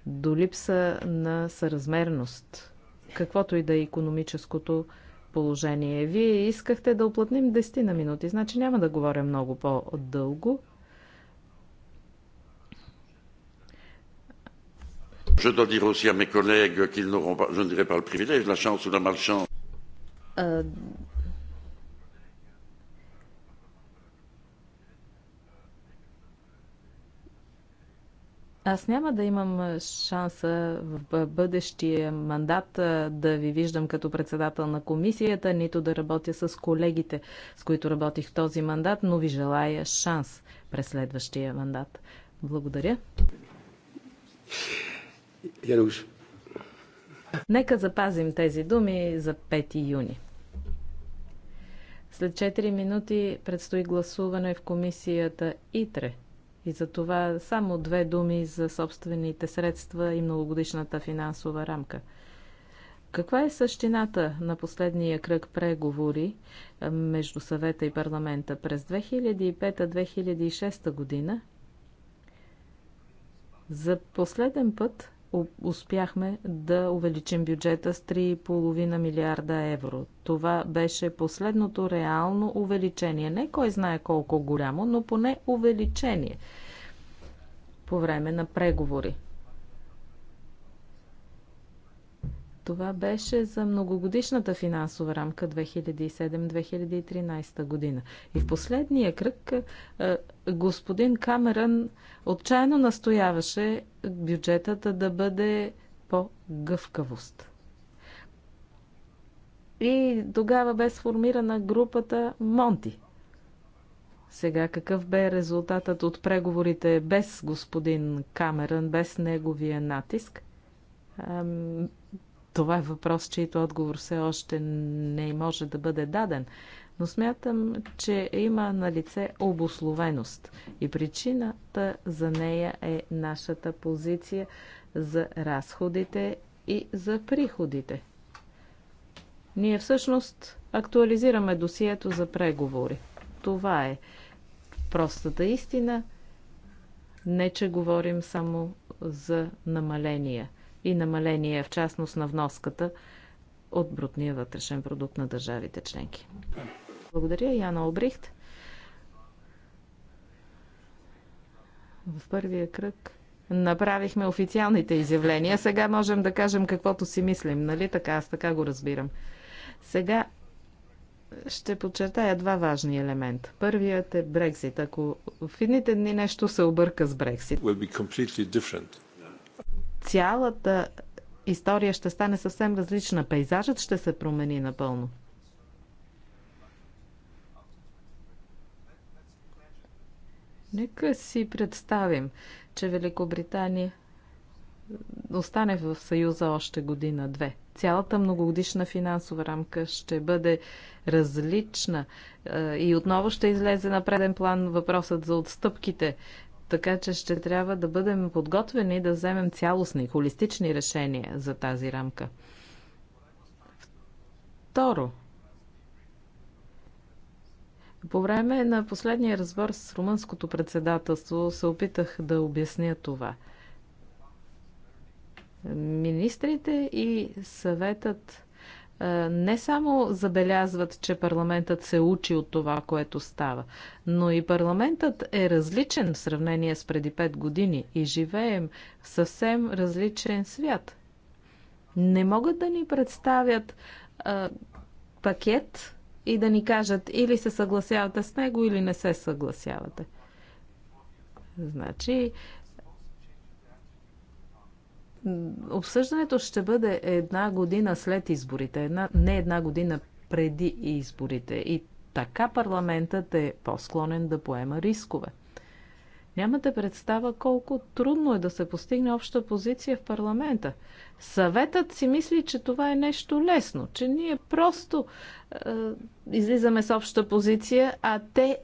до липса на съразмерност, каквото и да е економическото положение. Вие искахте да оплътним 10 на минути, значи няма да говоря много по-дълго. Je dois dire aussi à mes collègues qu'ils n'auront pas, je ne dirais pas le privilège, la chance ou la malchance. Аз няма да имам шанса в бъдещия мандат да ви виждам като председател на комисията, нито да работя с колегите, с които работих в този мандат, но ви желая шанс през следващия мандат. Благодаря. Януш. Нека запазим тези думи за 5 юни. След 4 минути предстои гласуване в комисията ИТРЕ. И за това само две думи за собствените средства и многогодишната финансова рамка. Каква е същината на последния кръг преговори между съвета и парламента през 2005-2006 година? За последен път успяхме да увеличим бюджета с 3,5 милиарда евро. Това беше последното реално увеличение. Не кой знае колко голямо, но поне увеличение по време на преговори. Това беше за многогодишната финансова рамка 2007-2013 година. И в последния кръг е, господин Камерън отчаяно настояваше бюджетата да бъде по-гъвкавост. И тогава бе сформирана групата Монти. Сега какъв бе резултатът от преговорите без господин Камерън, без неговия натиск? Това е въпрос, чието отговор все още не може да бъде даден. Но смятам, че има на лице обословеност и причината за нея е нашата позиция за разходите и за приходите. Ние всъщност актуализираме досието за преговори. Това е простата истина. Не, че говорим само за намаления и намаление, в частност на вноската от брутния вътрешен продукт на държавите членки. Благодаря, Яна Обрихт. В първия кръг направихме официалните изявления. Сега можем да кажем каквото си мислим, нали така? Аз така го разбирам. Сега ще подчертая два важни елемента. Първият е Брексит. Ако в едните дни нещо се обърка с Брексит, цялата история ще стане съвсем различна. Пейзажът ще се промени напълно. Нека си представим, че Великобритания остане в Съюза още година-две. Цялата многогодишна финансова рамка ще бъде различна и отново ще излезе на преден план въпросът за отстъпките така че ще трябва да бъдем подготвени да вземем цялостни, холистични решения за тази рамка. Второ, по време на последния разбор с румънското председателство се опитах да обясня това. Министрите и съветът е, не само забелязват, че парламентът се учи от това, което става, но и парламентът е различен в сравнение с преди 5 години и живеем в съвсем различен свят. Не могат да ни представят а, е, пакет и да ни кажат или се съгласявате с него, или не се съгласявате. Значи, Обсъждането ще бъде една година след изборите, една, не една година преди изборите. И така парламентът е по-склонен да поема рискове. Нямате представа колко трудно е да се постигне обща позиция в парламента. Съветът си мисли, че това е нещо лесно, че ние просто е, излизаме с обща позиция, а те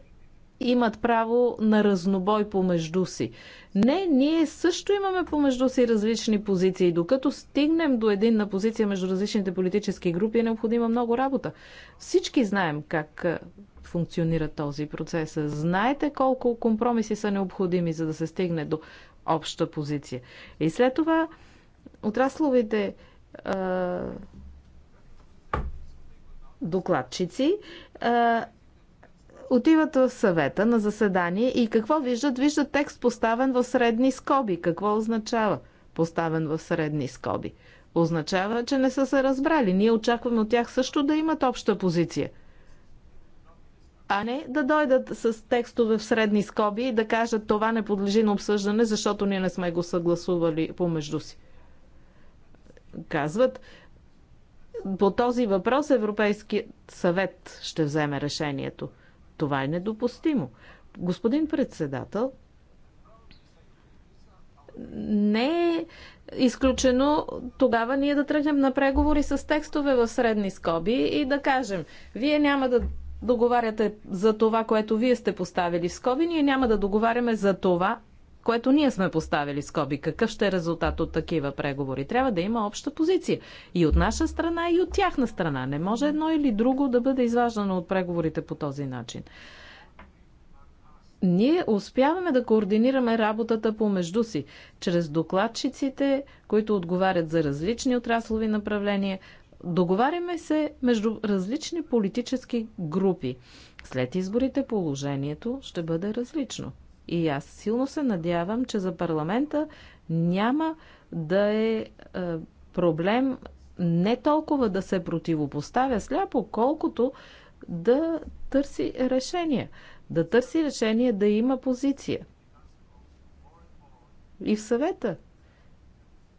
имат право на разнобой помежду си. Не, ние също имаме помежду си различни позиции. Докато стигнем до единна позиция между различните политически групи, е необходима много работа. Всички знаем как функционира този процес. Знаете колко компромиси са необходими, за да се стигне до обща позиция. И след това отрасловите а, докладчици а, отиват в съвета на заседание и какво виждат? Виждат текст поставен в средни скоби. Какво означава поставен в средни скоби? Означава, че не са се разбрали. Ние очакваме от тях също да имат обща позиция. А не да дойдат с текстове в средни скоби и да кажат това не подлежи на обсъждане, защото ние не сме го съгласували помежду си. Казват, по този въпрос Европейският съвет ще вземе решението. Това е недопустимо. Господин председател, не е изключено тогава ние да тръгнем на преговори с текстове в средни скоби и да кажем, вие няма да договаряте за това, което вие сте поставили в скоби, ние няма да договаряме за това, което ние сме поставили скоби. Какъв ще е резултат от такива преговори? Трябва да има обща позиция. И от наша страна, и от тяхна страна. Не може едно или друго да бъде изваждано от преговорите по този начин. Ние успяваме да координираме работата помежду си, чрез докладчиците, които отговарят за различни отраслови направления, Договаряме се между различни политически групи. След изборите положението ще бъде различно. И аз силно се надявам, че за парламента няма да е, е проблем не толкова да се противопоставя сляпо, колкото да търси решение. Да търси решение да има позиция. И в съвета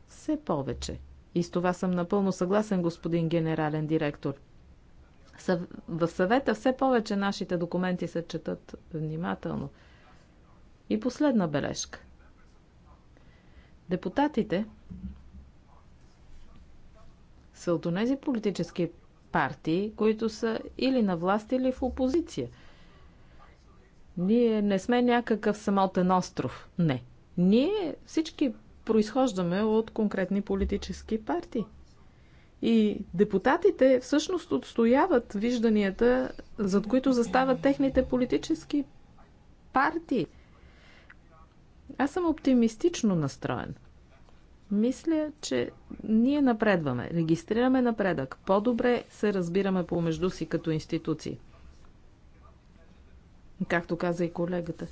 все повече. И с това съм напълно съгласен, господин генерален директор. В съвета все повече нашите документи се четат внимателно. И последна бележка. Депутатите са от тези политически партии, които са или на власт, или в опозиция. Ние не сме някакъв самотен остров. Не. Ние всички произхождаме от конкретни политически партии. И депутатите всъщност отстояват вижданията, зад които застават техните политически партии. Аз съм оптимистично настроен. Мисля, че ние напредваме, регистрираме напредък, по-добре се разбираме помежду си като институции. Както каза и колегата.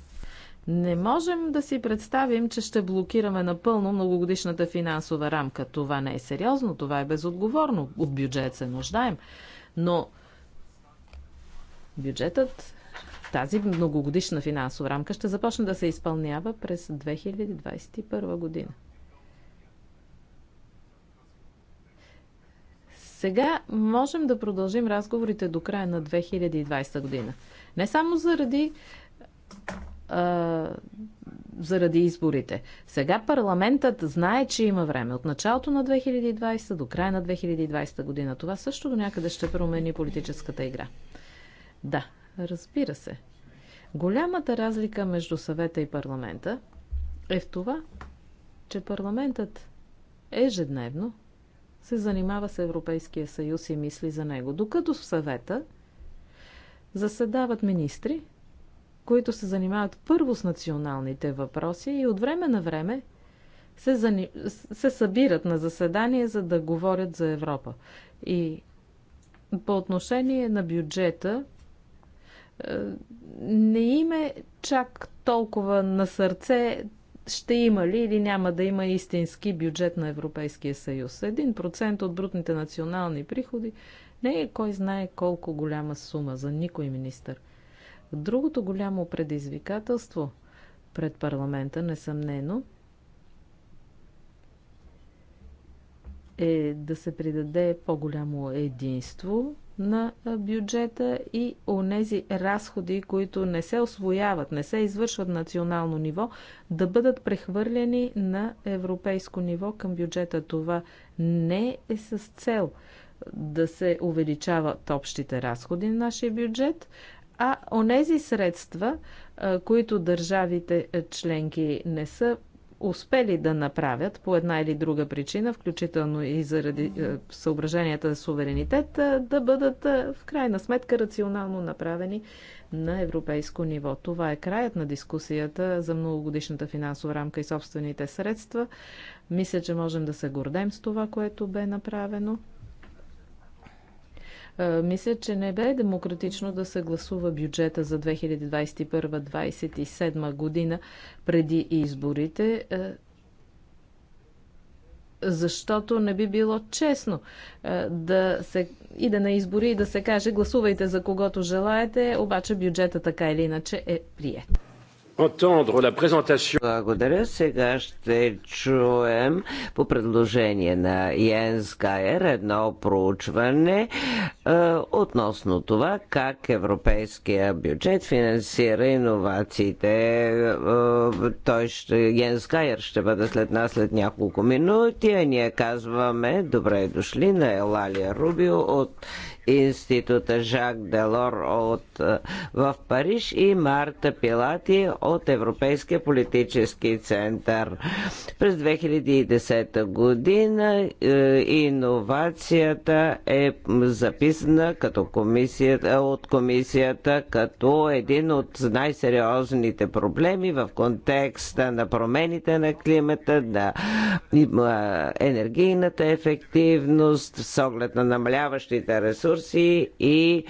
Не можем да си представим, че ще блокираме напълно многогодишната финансова рамка. Това не е сериозно, това е безотговорно. От бюджет се нуждаем. Но бюджетът тази многогодишна финансова рамка ще започне да се изпълнява през 2021 година. Сега можем да продължим разговорите до края на 2020 година. Не само заради а, заради изборите. Сега парламентът знае, че има време. От началото на 2020 до края на 2020 година. Това също до някъде ще промени политическата игра. Да, Разбира се. Голямата разлика между съвета и парламента е в това, че парламентът ежедневно се занимава с Европейския съюз и мисли за него, докато в съвета заседават министри, които се занимават първо с националните въпроси и от време на време се, зани... се събират на заседание, за да говорят за Европа. И по отношение на бюджета, не им е чак толкова на сърце ще има ли или няма да има истински бюджет на Европейския съюз. 1% от брутните национални приходи не е кой знае колко голяма сума за никой министър. Другото голямо предизвикателство пред парламента, несъмнено, е да се придаде по-голямо единство на бюджета и онези разходи, които не се освояват, не се извършват национално ниво, да бъдат прехвърлени на европейско ниво към бюджета. Това не е с цел да се увеличават общите разходи на нашия бюджет, а онези средства, които държавите членки не са успели да направят по една или друга причина, включително и заради е, съображенията за суверенитет, е, да бъдат е, в крайна сметка рационално направени на европейско ниво. Това е краят на дискусията за многогодишната финансова рамка и собствените средства. Мисля, че можем да се гордем с това, което бе направено. Е, мисля, че не бе демократично да се гласува бюджета за 2021-2027 година преди изборите е, защото не би било честно е, да се иде да на избори и да се каже гласувайте за когото желаете, обаче бюджета така или иначе е прият. Благодаря. Сега ще чуем по предложение на Йенс Гайер едно проучване е, относно това как европейския бюджет финансира иновациите. Е, е, той ще, Йенс Гайер ще бъде след нас след няколко минути, а ние казваме добре дошли на Елалия Рубио от института Жак Делор от, е, в Париж и Марта Пилати от Европейския политически център. През 2010 година е, иновацията е записана като комисията, от комисията като един от най-сериозните проблеми в контекста на промените на климата, на енергийната ефективност, с оглед на намаляващите ресурси ресурси и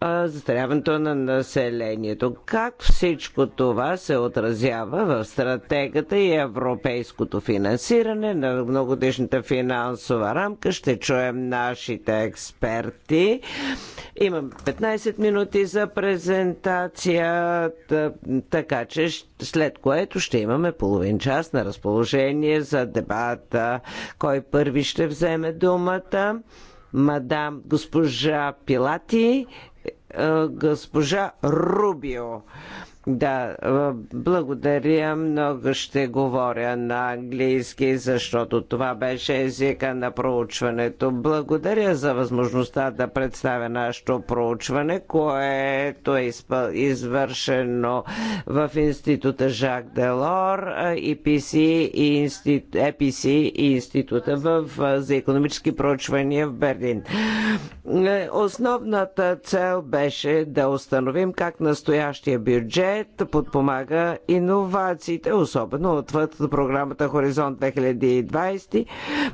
а, застаряването на населението. Как всичко това се отразява в стратегата и европейското финансиране на многодишната финансова рамка? Ще чуем нашите експерти. Имам 15 минути за презентация, така че след което ще имаме половин час на разположение за дебата. Кой първи ще вземе думата? мадам госпожа Пилати, е, госпожа Рубио. Да, благодаря много. Ще говоря на английски, защото това беше езика на проучването. Благодаря за възможността да представя нашето проучване, което е извършено в Института Жак Делор, EPC и, институт, EPC е и Института в... за економически проучвания в Берлин. Е, основната цел беше да установим как настоящия бюджет пакет подпомага иновациите, особено отвъд програмата Хоризонт 2020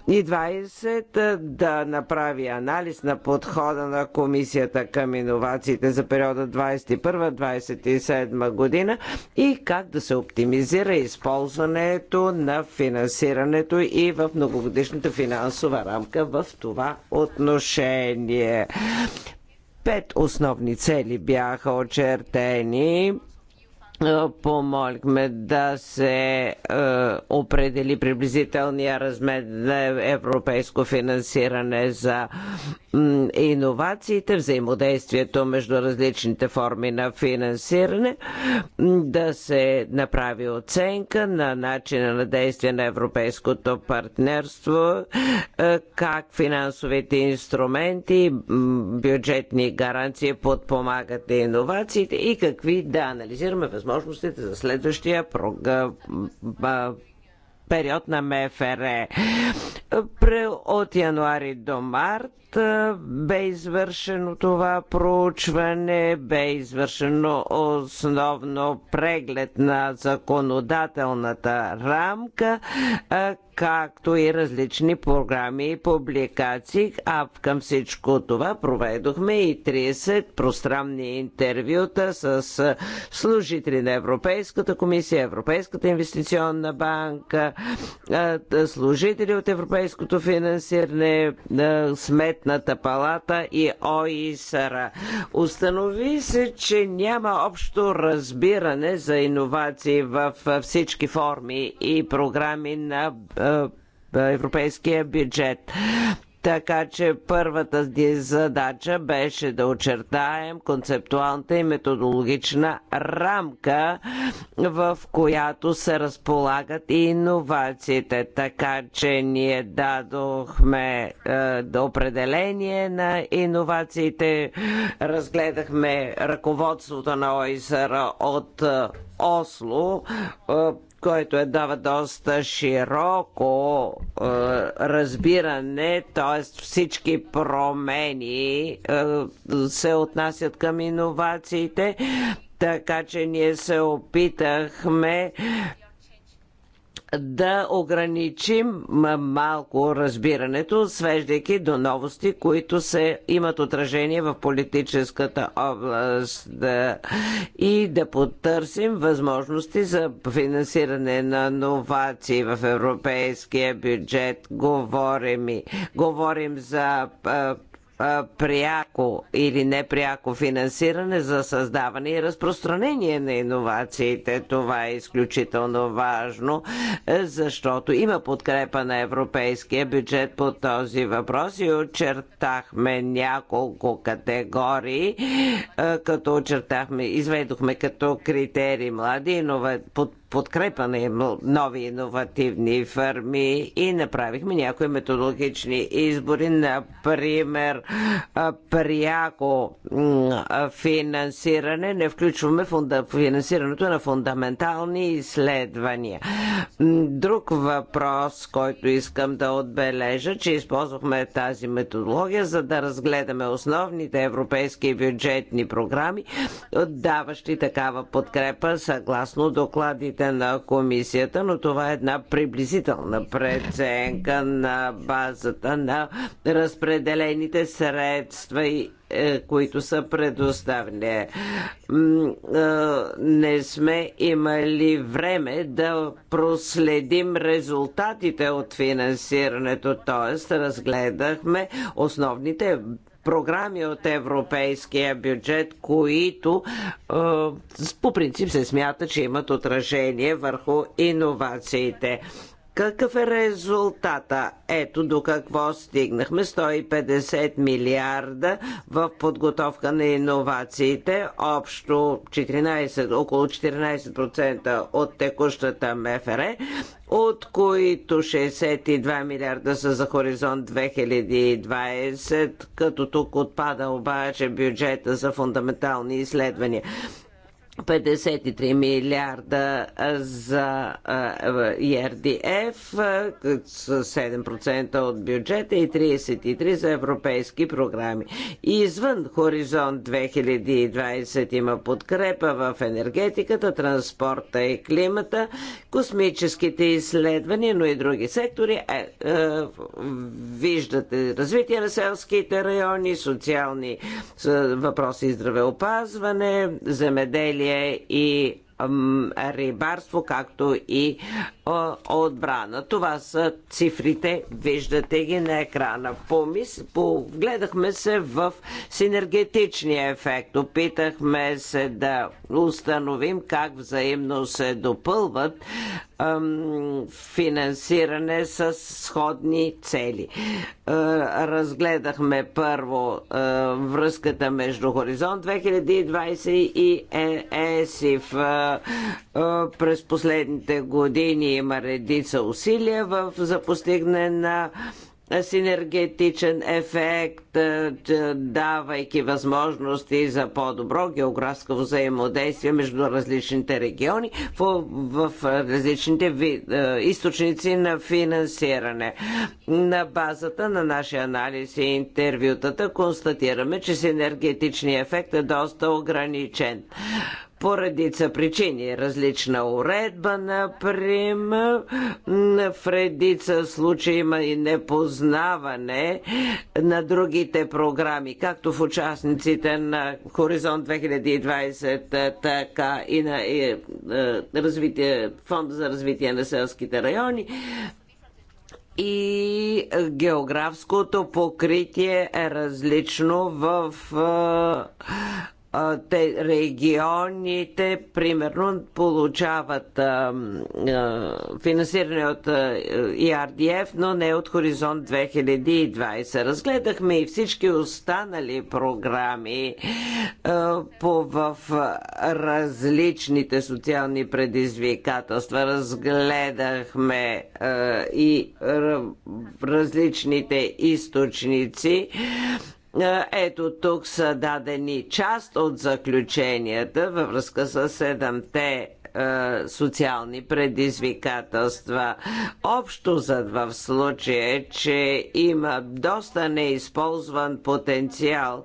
и 20 да направи анализ на подхода на комисията към иновациите за периода 2021-2027 година и как да се оптимизира използването на финансирането и в многогодишната финансова рамка в това отношение. Пет основни цели бяха очертени помолихме да се е, определи приблизителния размер на европейско финансиране за иновациите, взаимодействието между различните форми на финансиране, да се направи оценка на начина на действие на европейското партньорство, е, как финансовите инструменти, бюджетни гаранции подпомагат иновациите и какви да анализираме възможности възможностите за следващия период на МФР. От януари до март бе извършено това проучване, бе извършено основно преглед на законодателната рамка, както и различни програми и публикации, а към всичко това проведохме и 30 пространни интервюта с служители на Европейската комисия, Европейската инвестиционна банка, служители от Европейското финансиране, смет Сметната палата и ОИСР. Установи се, че няма общо разбиране за иновации в всички форми и програми на е, е, европейския бюджет. Така че първата задача беше да очертаем концептуалната и методологична рамка, в която се разполагат и иновациите. Така че ние дадохме е, до определение на иновациите, разгледахме ръководството на ОИСР от е, Осло, е, който е дава доста широко е, разбиране, т.е. всички промени е, се отнасят към иновациите, така че ние се опитахме да ограничим малко разбирането, свеждайки до новости, които се имат отражение в политическата област да, и да потърсим възможности за финансиране на новации в европейския бюджет. Говорим, говорим за пряко или непряко финансиране за създаване и разпространение на иновациите. Това е изключително важно, е, защото има подкрепа на европейския бюджет по този въпрос и очертахме няколко категории, е, като очертахме, изведохме като критерии млади, инова... под подкрепа на нови иновативни фарми и направихме някои методологични избори, например пряко финансиране, не включваме фунда, финансирането на фундаментални изследвания. Друг въпрос, който искам да отбележа, че използвахме тази методология, за да разгледаме основните европейски бюджетни програми, даващи такава подкрепа съгласно докладите службите на комисията, но това е една приблизителна преценка на базата на разпределените средства и е, които са предоставени. Е, не сме имали време да проследим резултатите от финансирането, т.е. разгледахме основните програми от европейския бюджет, които е, по принцип се смята, че имат отражение върху иновациите. Какъв е резултата? Ето до какво стигнахме. 150 милиарда в подготовка на иновациите. Общо 14, около 14% от текущата МФР, от които 62 милиарда са за хоризонт 2020, като тук отпада обаче бюджета за фундаментални изследвания. 53 милиарда за ЕРДФ, 7% от бюджета и 33 за европейски програми. извън Хоризонт 2020 има подкрепа в енергетиката, транспорта и климата, космическите изследвания, но и други сектори. Е, е, виждате развитие на селските райони, социални въпроси и здравеопазване, земеделие земеделие и рибарство, както и отбрана. Това са цифрите, виждате ги на екрана. Помис, погледахме се в синергетичния ефект. Опитахме се да установим как взаимно се допълват финансиране с сходни цели. Е, разгледахме първо е, връзката между Хоризонт 2020 и е, ЕСИФ. През последните години има редица усилия в, за постигне на синергетичен ефект, давайки възможности за по-добро географско взаимодействие между различните региони в, в различните ви, източници на финансиране. На базата на нашия анализ и интервютата констатираме, че синергетичният ефект е доста ограничен поредица причини. Различна уредба, например, в редица случаи има и непознаване на другите програми, както в участниците на Хоризонт 2020, така и на и, е, развитие, Фонда за развитие на селските райони и географското покритие е различно в е, те, регионите, примерно, получават а, а, финансиране от ИРДФ, но не от Хоризонт 2020. Разгледахме и всички останали програми а, по, в различните социални предизвикателства. Разгледахме а, и а, различните източници е, ето тук са дадени част от заключенията във връзка с седемте е, социални предизвикателства. Общо зад в случая е, че има доста неизползван потенциал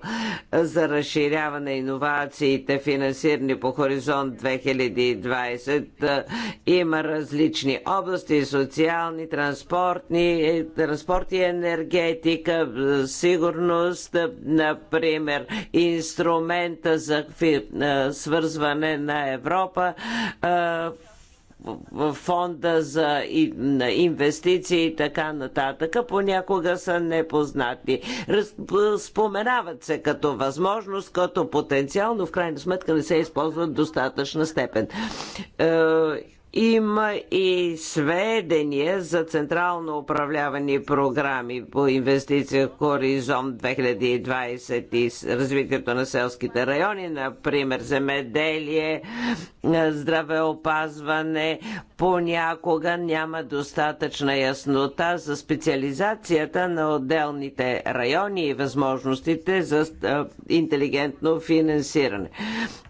за разширяване иновациите, финансирани по Хоризонт 2020. Е, има различни области, социални, транспортни, е, транспорт и енергетика, сигурност, например, инструмента за свързване на Европа, фонда за инвестиции и така нататък, понякога са непознати. Споменават се като възможност, като потенциал, но в крайна сметка не се използват в достатъчна степен. Е, има и сведения за централно управлявани програми по инвестиция хоризон 2020 и развитието на селските райони, например земеделие, здравеопазване. Понякога няма достатъчна яснота за специализацията на отделните райони и възможностите за интелигентно финансиране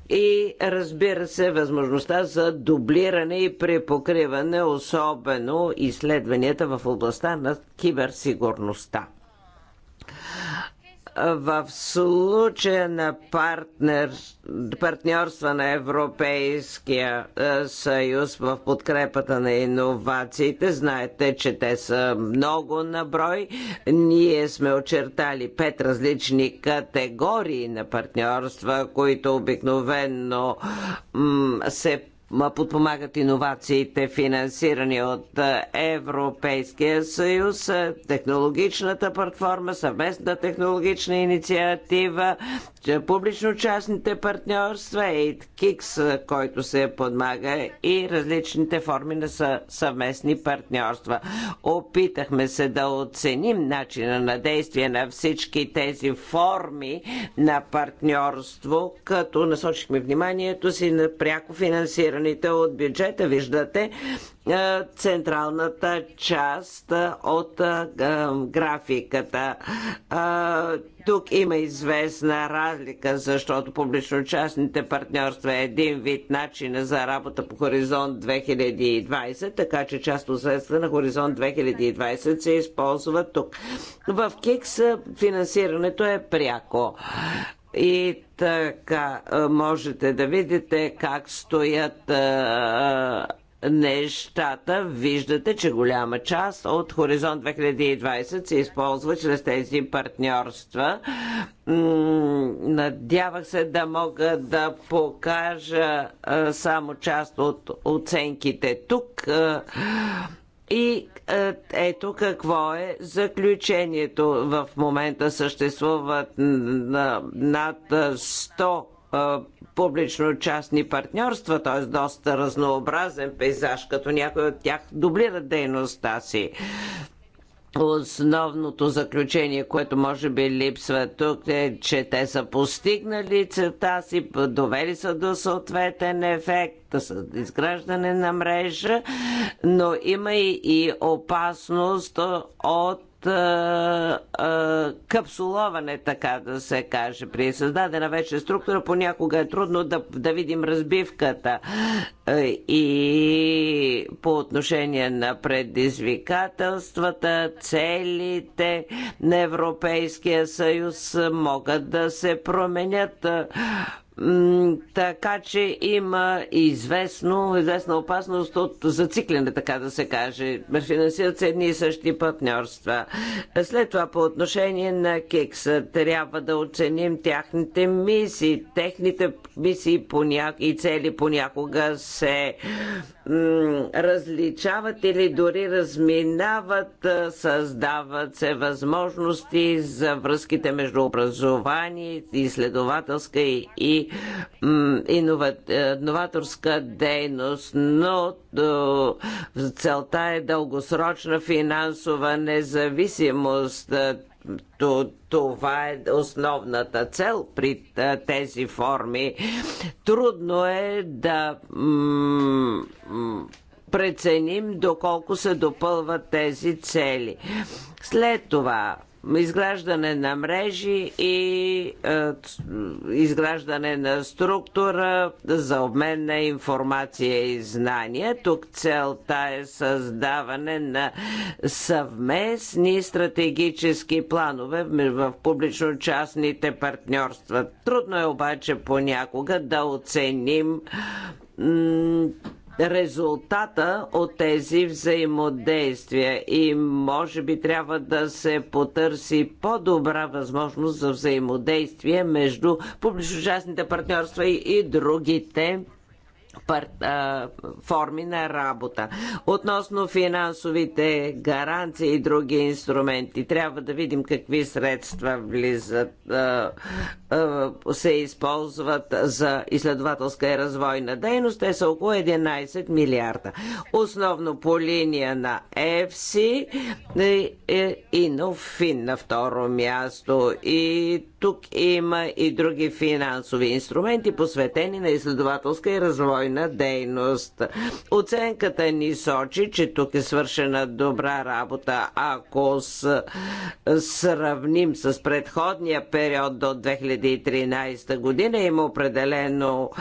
и разбира се възможността за дублиране и препокриване, особено изследванията в областта на киберсигурността в случая на партнер, партньорства на Европейския е, съюз в подкрепата на иновациите. Знаете, че те са много на брой. Ние сме очертали пет различни категории на партньорства, които обикновенно се подпомагат иновациите, финансирани от е, Европейския съюз, е, технологичната платформа, съвместна технологична инициатива, публично-частните партньорства, КИКС, който се подмага и различните форми на съвместни партньорства. Опитахме се да оценим начина на действие на всички тези форми на партньорство, като насочихме вниманието си на пряко финансираните от бюджета. Виждате, централната част от графиката. Тук има известна разлика, защото публично-частните партньорства е един вид начин за работа по Хоризонт 2020, така че част от средства на Хоризонт 2020 се използва тук. В КИКС финансирането е пряко. И така можете да видите как стоят нещата, виждате, че голяма част от Хоризонт 2020 се използва чрез тези партньорства. Надявах се да мога да покажа само част от оценките тук. И ето какво е заключението. В момента съществуват над 100 публично-частни партньорства, т.е. доста разнообразен пейзаж, като някои от тях дублират дейността си. Основното заключение, което може би липсва тук е, че те са постигнали целта си, довели са до съответен ефект, с изграждане на мрежа, но има и опасност от капсуловане, така да се каже. При създадена вече структура понякога е трудно да, да видим разбивката. И по отношение на предизвикателствата, целите на Европейския съюз могат да се променят така че има известно, известна опасност от зацикляне, така да се каже. Финансират се едни и същи партньорства. След това по отношение на КИКС трябва да оценим тяхните мисии. Техните мисии поня... и цели понякога се различават или дори разминават, създават се възможности за връзките между образование, изследователска и иноваторска е, дейност, но е, целта е дългосрочна финансова независимост. Е, това е основната цел при тези форми. Трудно е да преценим доколко се допълват тези цели. След това изграждане на мрежи и е, изграждане на структура за обмен на информация и знания. Тук целта е създаване на съвместни стратегически планове в публично-частните партньорства. Трудно е обаче понякога да оценим резултата от тези взаимодействия и може би трябва да се потърси по-добра възможност за взаимодействие между публично-частните партньорства и, и другите форми на работа. Относно финансовите гаранции и други инструменти, трябва да видим какви средства влизат, се използват за изследователска и развойна дейност. Те са около 11 милиарда. Основно по линия на Ефси, и на ФИН на второ място. И тук има и други финансови инструменти, посветени на изследователска и развойна дейност. Оценката ни сочи, че тук е свършена добра работа. Ако с, сравним с предходния период до 2013 година, има определено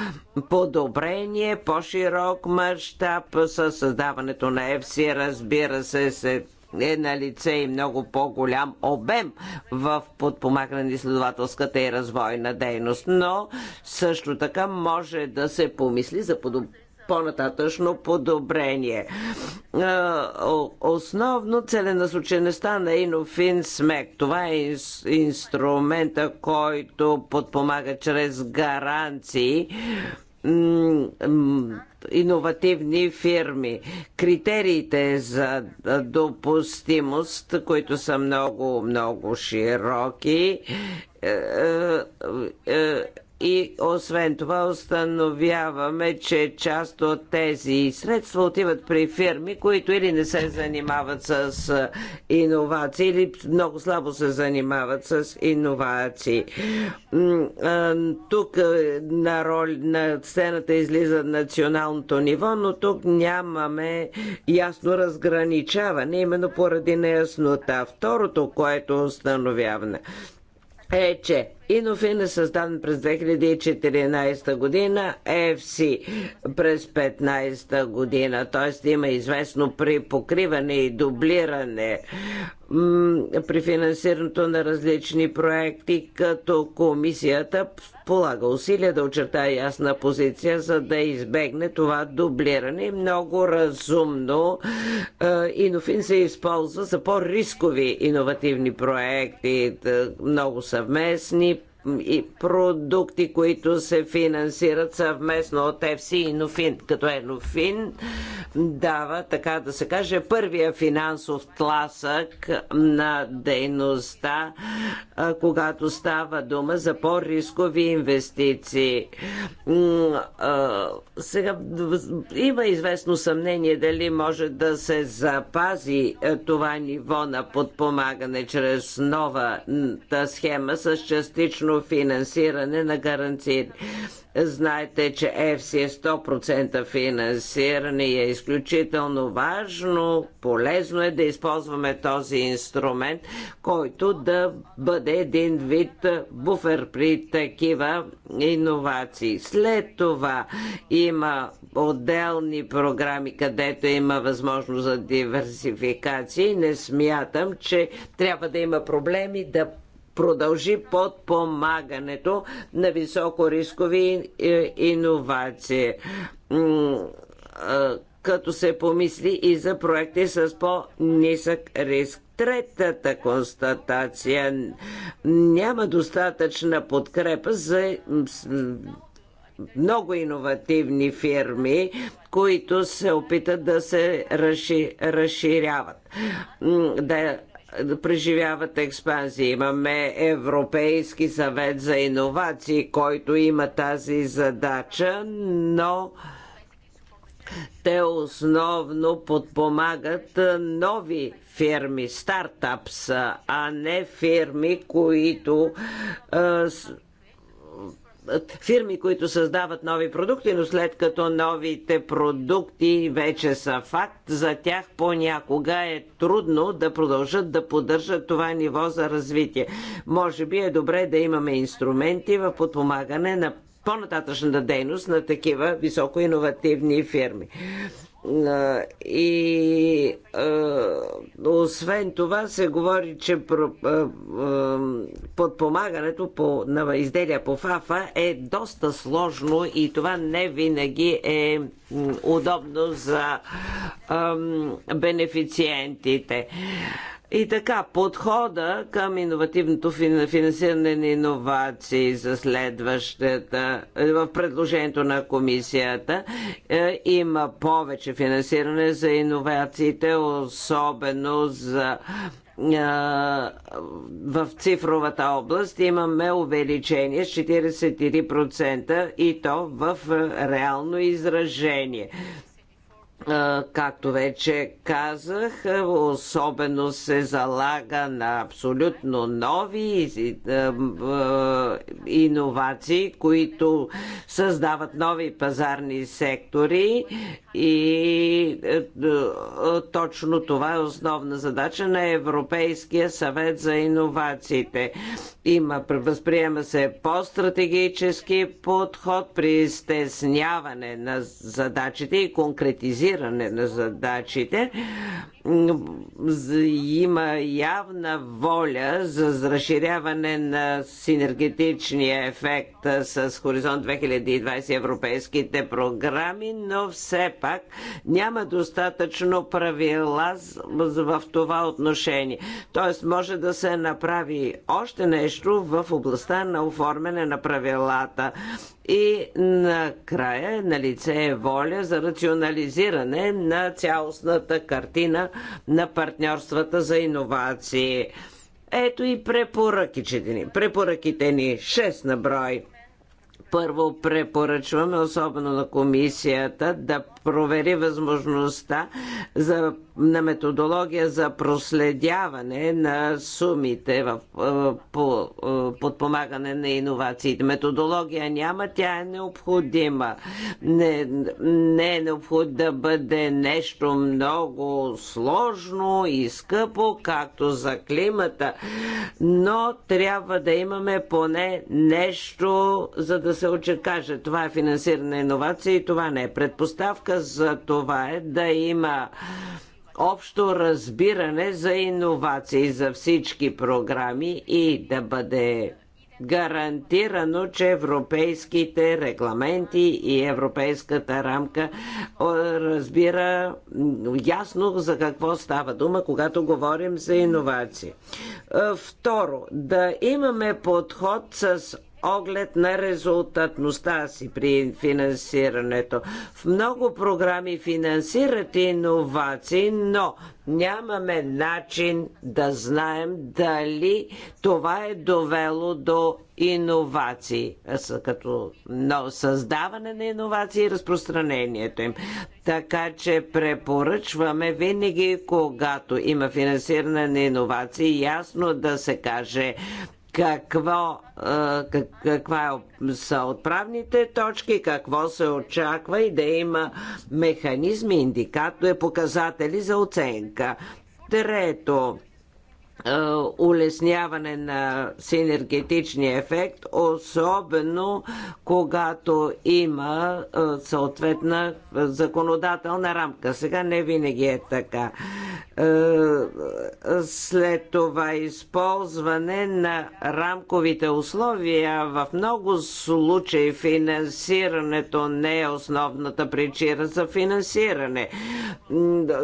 подобрение, по-широк мащаб с създаването на ЕФСИ. Разбира се, се е на лице и много по-голям обем в подпомагане на изследователската и развойна дейност. Но също така може да се помисли за подобрение по-нататъчно подобрение. Основно целенасочеността на Инофин СМЕК. Това е инструмента, който подпомага чрез гаранции иновативни фирми. Критериите за допустимост, които са много, много широки, е, е, е, и освен това установяваме, че част от тези средства отиват при фирми, които или не се занимават с иновации, или много слабо се занимават с иновации. Тук на, роль, на сцената излиза националното ниво, но тук нямаме ясно разграничаване, именно поради неяснота. Второто, което установяваме е, че Инофин е създаден през 2014 година, EFC през 2015 година, т.е. има известно при покриване и дублиране при финансирането на различни проекти, като комисията полага усилия да очертая ясна позиция, за да избегне това дублиране. Много разумно е, Инофин се използва за по-рискови иновативни проекти, много съвместни и продукти, които се финансират съвместно от ЕФСИ и Нофин, като Енофин дава, така да се каже, първия финансов тласък на дейността, когато става дума за по-рискови инвестиции. Сега има известно съмнение дали може да се запази това ниво на подпомагане чрез новата схема с частично външно финансиране на гаранции. Знаете, че ЕФСИ е 100% финансиране и е изключително важно, полезно е да използваме този инструмент, който да бъде един вид буфер при такива иновации. След това има отделни програми, където има възможност за диверсификация и не смятам, че трябва да има проблеми да продължи подпомагането на високорискови е, иновации като се помисли и за проекти с по-нисък риск. Третата констатация няма достатъчна подкрепа за много иновативни фирми, които се опитат да се разширяват, да преживяват експанзия. Имаме Европейски съвет за иновации, който има тази задача, но те основно подпомагат нови фирми, стартапс, а не фирми, които а, фирми, които създават нови продукти, но след като новите продукти вече са факт, за тях понякога е трудно да продължат да поддържат това ниво за развитие. Може би е добре да имаме инструменти в подпомагане на по-нататъчната дейност на такива високо иновативни фирми. И е, освен това се говори, че про, е, подпомагането по, на изделия по ФАФА е доста сложно и това не винаги е удобно за бенефициентите. И така, подхода към иновативното финансиране на иновации за следващата, в предложението на комисията е, има повече финансиране за иновациите, особено за е, в цифровата област имаме увеличение с 43% и то в е, реално изражение. Както вече казах, особено се залага на абсолютно нови иновации, които създават нови пазарни сектори и е, е, точно това е основна задача на Европейския съвет за иновациите. Има, възприема се по-стратегически подход при стесняване на задачите и конкретизиране финализиране на задачите има явна воля за разширяване на синергетичния ефект с Хоризонт 2020 европейските програми, но все пак няма достатъчно правила в това отношение. Тоест може да се направи още нещо в областта на оформяне на правилата. И накрая е на лице е воля за рационализиране на цялостната картина на партньорствата за иновации. Ето и препоръките ни. Препоръките ни 6 на брой първо препоръчваме, особено на комисията, да провери възможността за, на методология за проследяване на сумите в е, по, е, подпомагане на иновациите. Методология няма, тя е необходима. Не, не е необходимо да бъде нещо много сложно и скъпо, както за климата, но трябва да имаме поне нещо, за да се очекаже. Това е финансиране на иновации, това не е предпоставка за това е да има общо разбиране за иновации за всички програми и да бъде гарантирано, че европейските регламенти и европейската рамка разбира ясно за какво става дума, когато говорим за иновации. Е, второ, да имаме подход с оглед на резултатността си при финансирането. В много програми финансират иновации, но нямаме начин да знаем дали това е довело до иновации, като създаване на иновации и разпространението им. Така че препоръчваме винаги, когато има финансиране на иновации, ясно да се каже какво, каква е, са отправните точки, какво се очаква и да има механизми, индикатори, показатели за оценка. Трето, е, улесняване на синергетичния ефект, особено когато има е, съответна законодателна рамка. Сега не винаги е така. Е, след това използване на рамковите условия в много случаи финансирането не е основната причина за финансиране,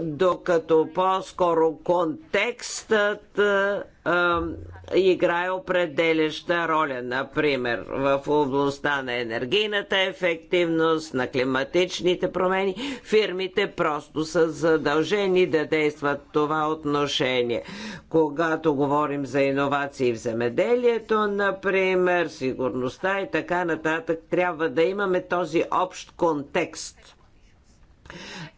докато по-скоро контекстът играе определяща роля, например, в областта на енергийната ефективност, на климатичните промени. Фирмите просто са задължени да действат това отношение. Когато говорим за иновации в земеделието, например, сигурността и така нататък, трябва да имаме този общ контекст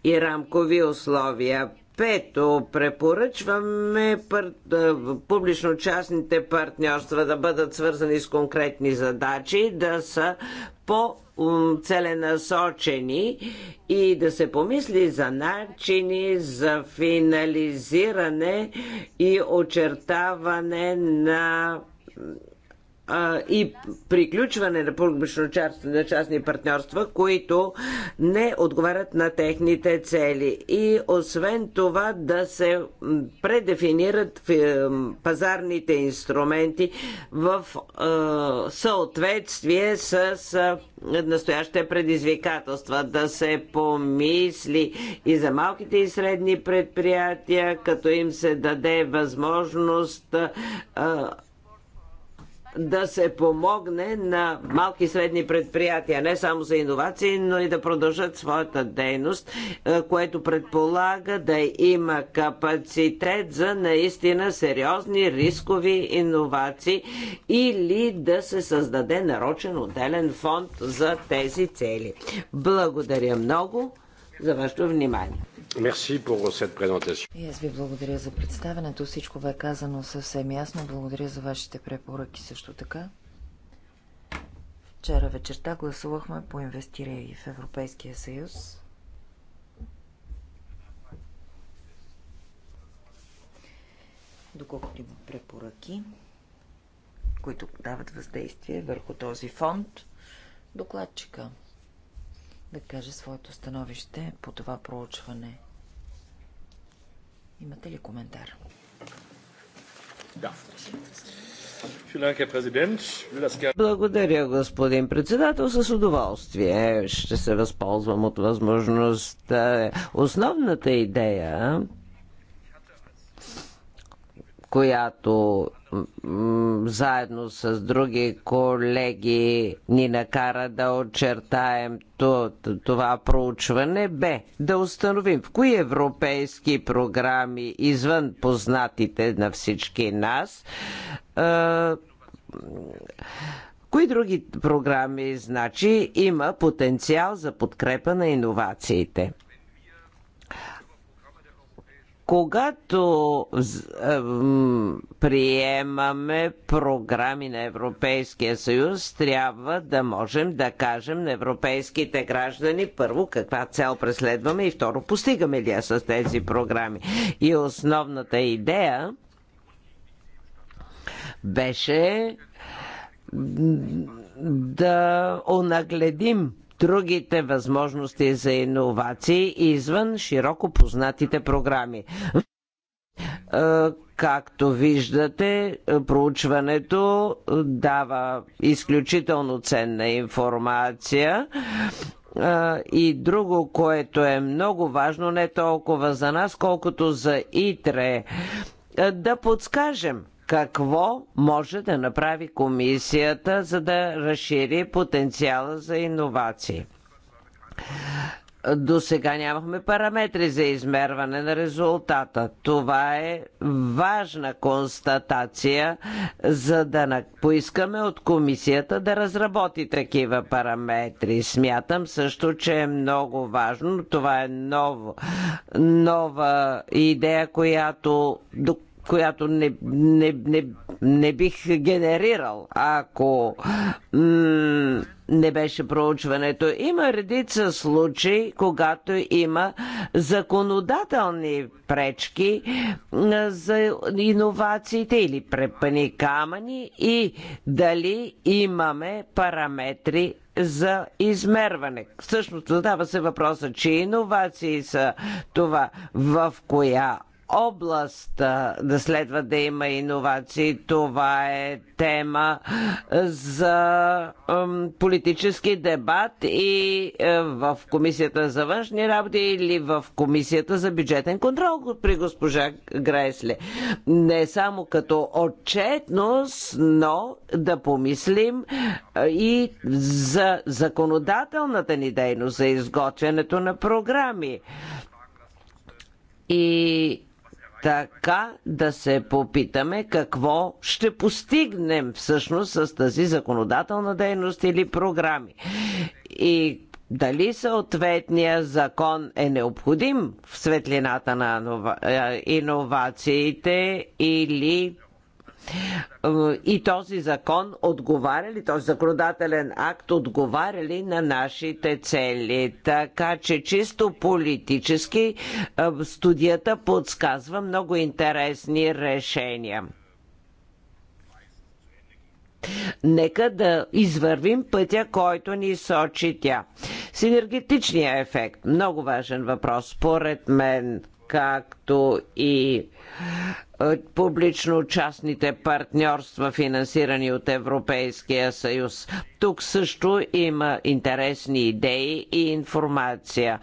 и рамкови условия. Пето, препоръчваме пар... публично-частните партньорства да бъдат свързани с конкретни задачи, да са по целенасочени и да се помисли за начини за финализиране и очертаване на и приключване на публично-частни частни партньорства, които не отговарят на техните цели. И освен това да се предефинират пазарните инструменти в съответствие с настоящите предизвикателства, да се помисли и за малките и средни предприятия, като им се даде възможност да се помогне на малки и средни предприятия, не само за иновации, но и да продължат своята дейност, е, което предполага да има капацитет за наистина сериозни рискови иновации или да се създаде нарочен отделен фонд за тези цели. Благодаря много за вашето внимание. Мерси И аз ви благодаря за представенето. Всичко бе казано съвсем ясно. Благодаря за вашите препоръки също така. Вчера вечерта гласувахме по инвестирай в Европейския съюз. Доколкото има препоръки, които дават въздействие върху този фонд, докладчика да каже своето становище по това проучване. Имате ли коментар? Да. Благодаря, господин председател. С удоволствие ще се възползвам от възможността. Основната идея която заедно с други колеги ни накара да очертаем това проучване, бе да установим в кои европейски програми, извън познатите на всички нас, Кои други програми, значи, има потенциал за подкрепа на иновациите? Когато приемаме програми на Европейския съюз, трябва да можем да кажем на европейските граждани първо каква цел преследваме и второ постигаме ли я с тези програми. И основната идея беше да онагледим другите възможности за иновации извън широко познатите програми. Е, както виждате, проучването дава изключително ценна информация. Е, и друго, което е много важно, не толкова за нас, колкото за ИТРЕ, е, да подскажем какво може да направи комисията, за да разшири потенциала за иновации. До сега нямахме параметри за измерване на резултата. Това е важна констатация, за да поискаме от комисията да разработи такива параметри. Смятам също, че е много важно. Това е ново, нова идея, която която не, не, не, не бих генерирал, ако не беше проучването. Има редица случаи, когато има законодателни пречки за иновациите или препани камъни и дали имаме параметри за измерване. Всъщност задава се въпроса, че иновации са това в коя област да следва да има иновации. Това е тема за политически дебат и е, в Комисията за външни работи или в Комисията за бюджетен контрол при госпожа Грайсле. Не само като отчетност, но да помислим и за законодателната ни дейност, за изготвянето на програми. И така да се попитаме какво ще постигнем всъщност с тази законодателна дейност или програми. И дали съответния закон е необходим в светлината на е, иновациите или е, и този закон отговаря ли, този законодателен акт отговаря ли на нашите цели? Така че чисто политически е, студията подсказва много интересни решения. Нека да извървим пътя, който ни сочи тя. Синергетичният ефект. Много важен въпрос, според мен както и е, публично-частните партньорства, финансирани от Европейския съюз. Тук също има интересни идеи и информация.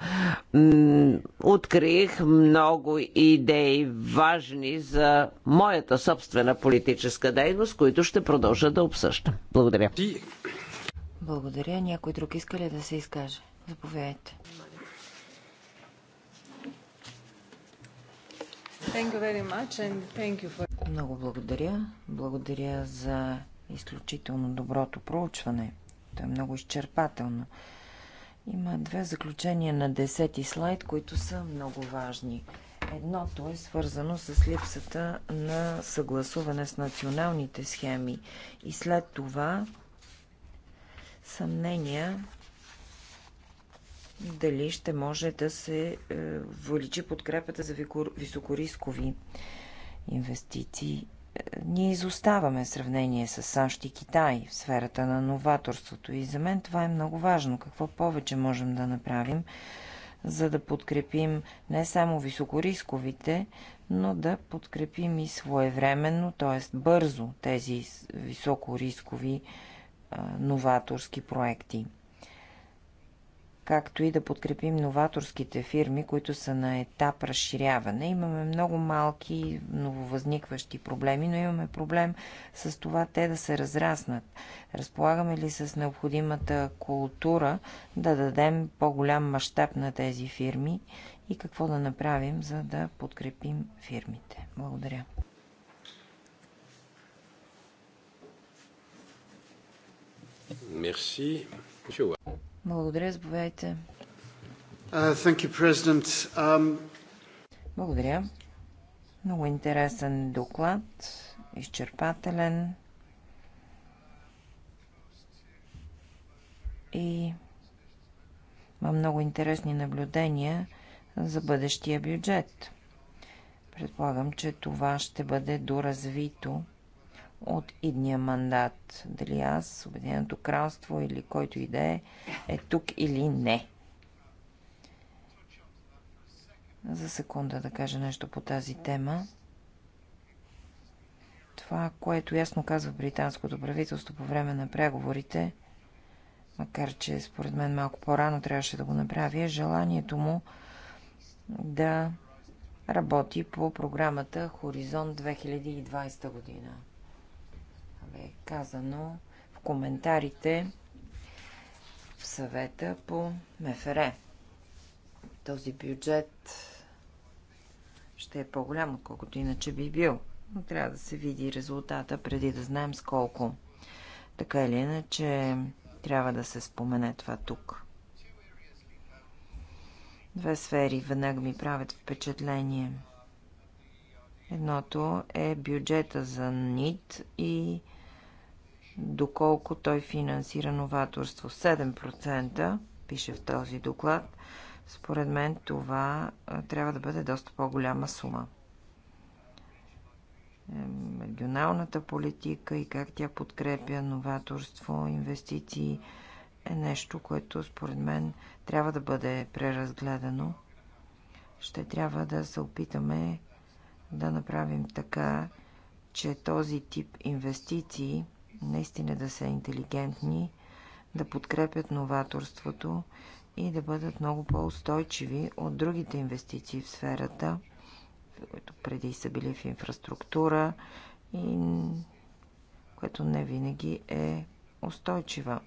Открих много идеи важни за моята собствена политическа дейност, които ще продължа да обсъждам. Благодаря. Благодаря. Някой друг иска ли да се изкаже? Заповядайте. Много благодаря. Благодаря за изключително доброто проучване. То е много изчерпателно. Има две заключения на десети слайд, които са много важни. Едното е свързано с липсата на съгласуване с националните схеми и след това съмнения дали ще може да се е, увеличи подкрепата за високорискови инвестиции. Ние изоставаме в сравнение с САЩ и Китай в сферата на новаторството и за мен това е много важно. Какво повече можем да направим, за да подкрепим не само високорисковите, но да подкрепим и своевременно, т.е. бързо тези високорискови новаторски проекти както и да подкрепим новаторските фирми, които са на етап разширяване. Имаме много малки нововъзникващи проблеми, но имаме проблем с това те да се разраснат. Разполагаме ли с необходимата култура да дадем по-голям мащаб на тези фирми и какво да направим, за да подкрепим фирмите? Благодаря. Merci. Благодаря, заповядайте. Uh, um, Благодаря. Много интересен доклад, изчерпателен и има много интересни наблюдения за бъдещия бюджет. Предполагам, че това ще бъде доразвито от идния мандат. Дали аз, Обединеното кралство или който и да е, е тук или не. За секунда да кажа нещо по тази тема. Това, което ясно казва британското правителство по време на преговорите, макар че според мен малко по-рано трябваше да го направи, е желанието му да работи по програмата Хоризонт 2020 година. Е казано в коментарите в съвета по МФР. Този бюджет ще е по-голям, отколкото иначе би бил. Но трябва да се види резултата, преди да знаем с колко. Така или иначе, трябва да се спомене това тук. Две сфери веднага ми правят впечатление. Едното е бюджета за НИД и доколко той финансира новаторство. 7% пише в този доклад. Според мен това трябва да бъде доста по-голяма сума. Регионалната политика и как тя подкрепя новаторство, инвестиции е нещо, което според мен трябва да бъде преразгледано. Ще трябва да се опитаме да направим така, че този тип инвестиции – наистина да са интелигентни, да подкрепят новаторството и да бъдат много по-устойчиви от другите инвестиции в сферата, които преди са били в инфраструктура и което не винаги е устойчива.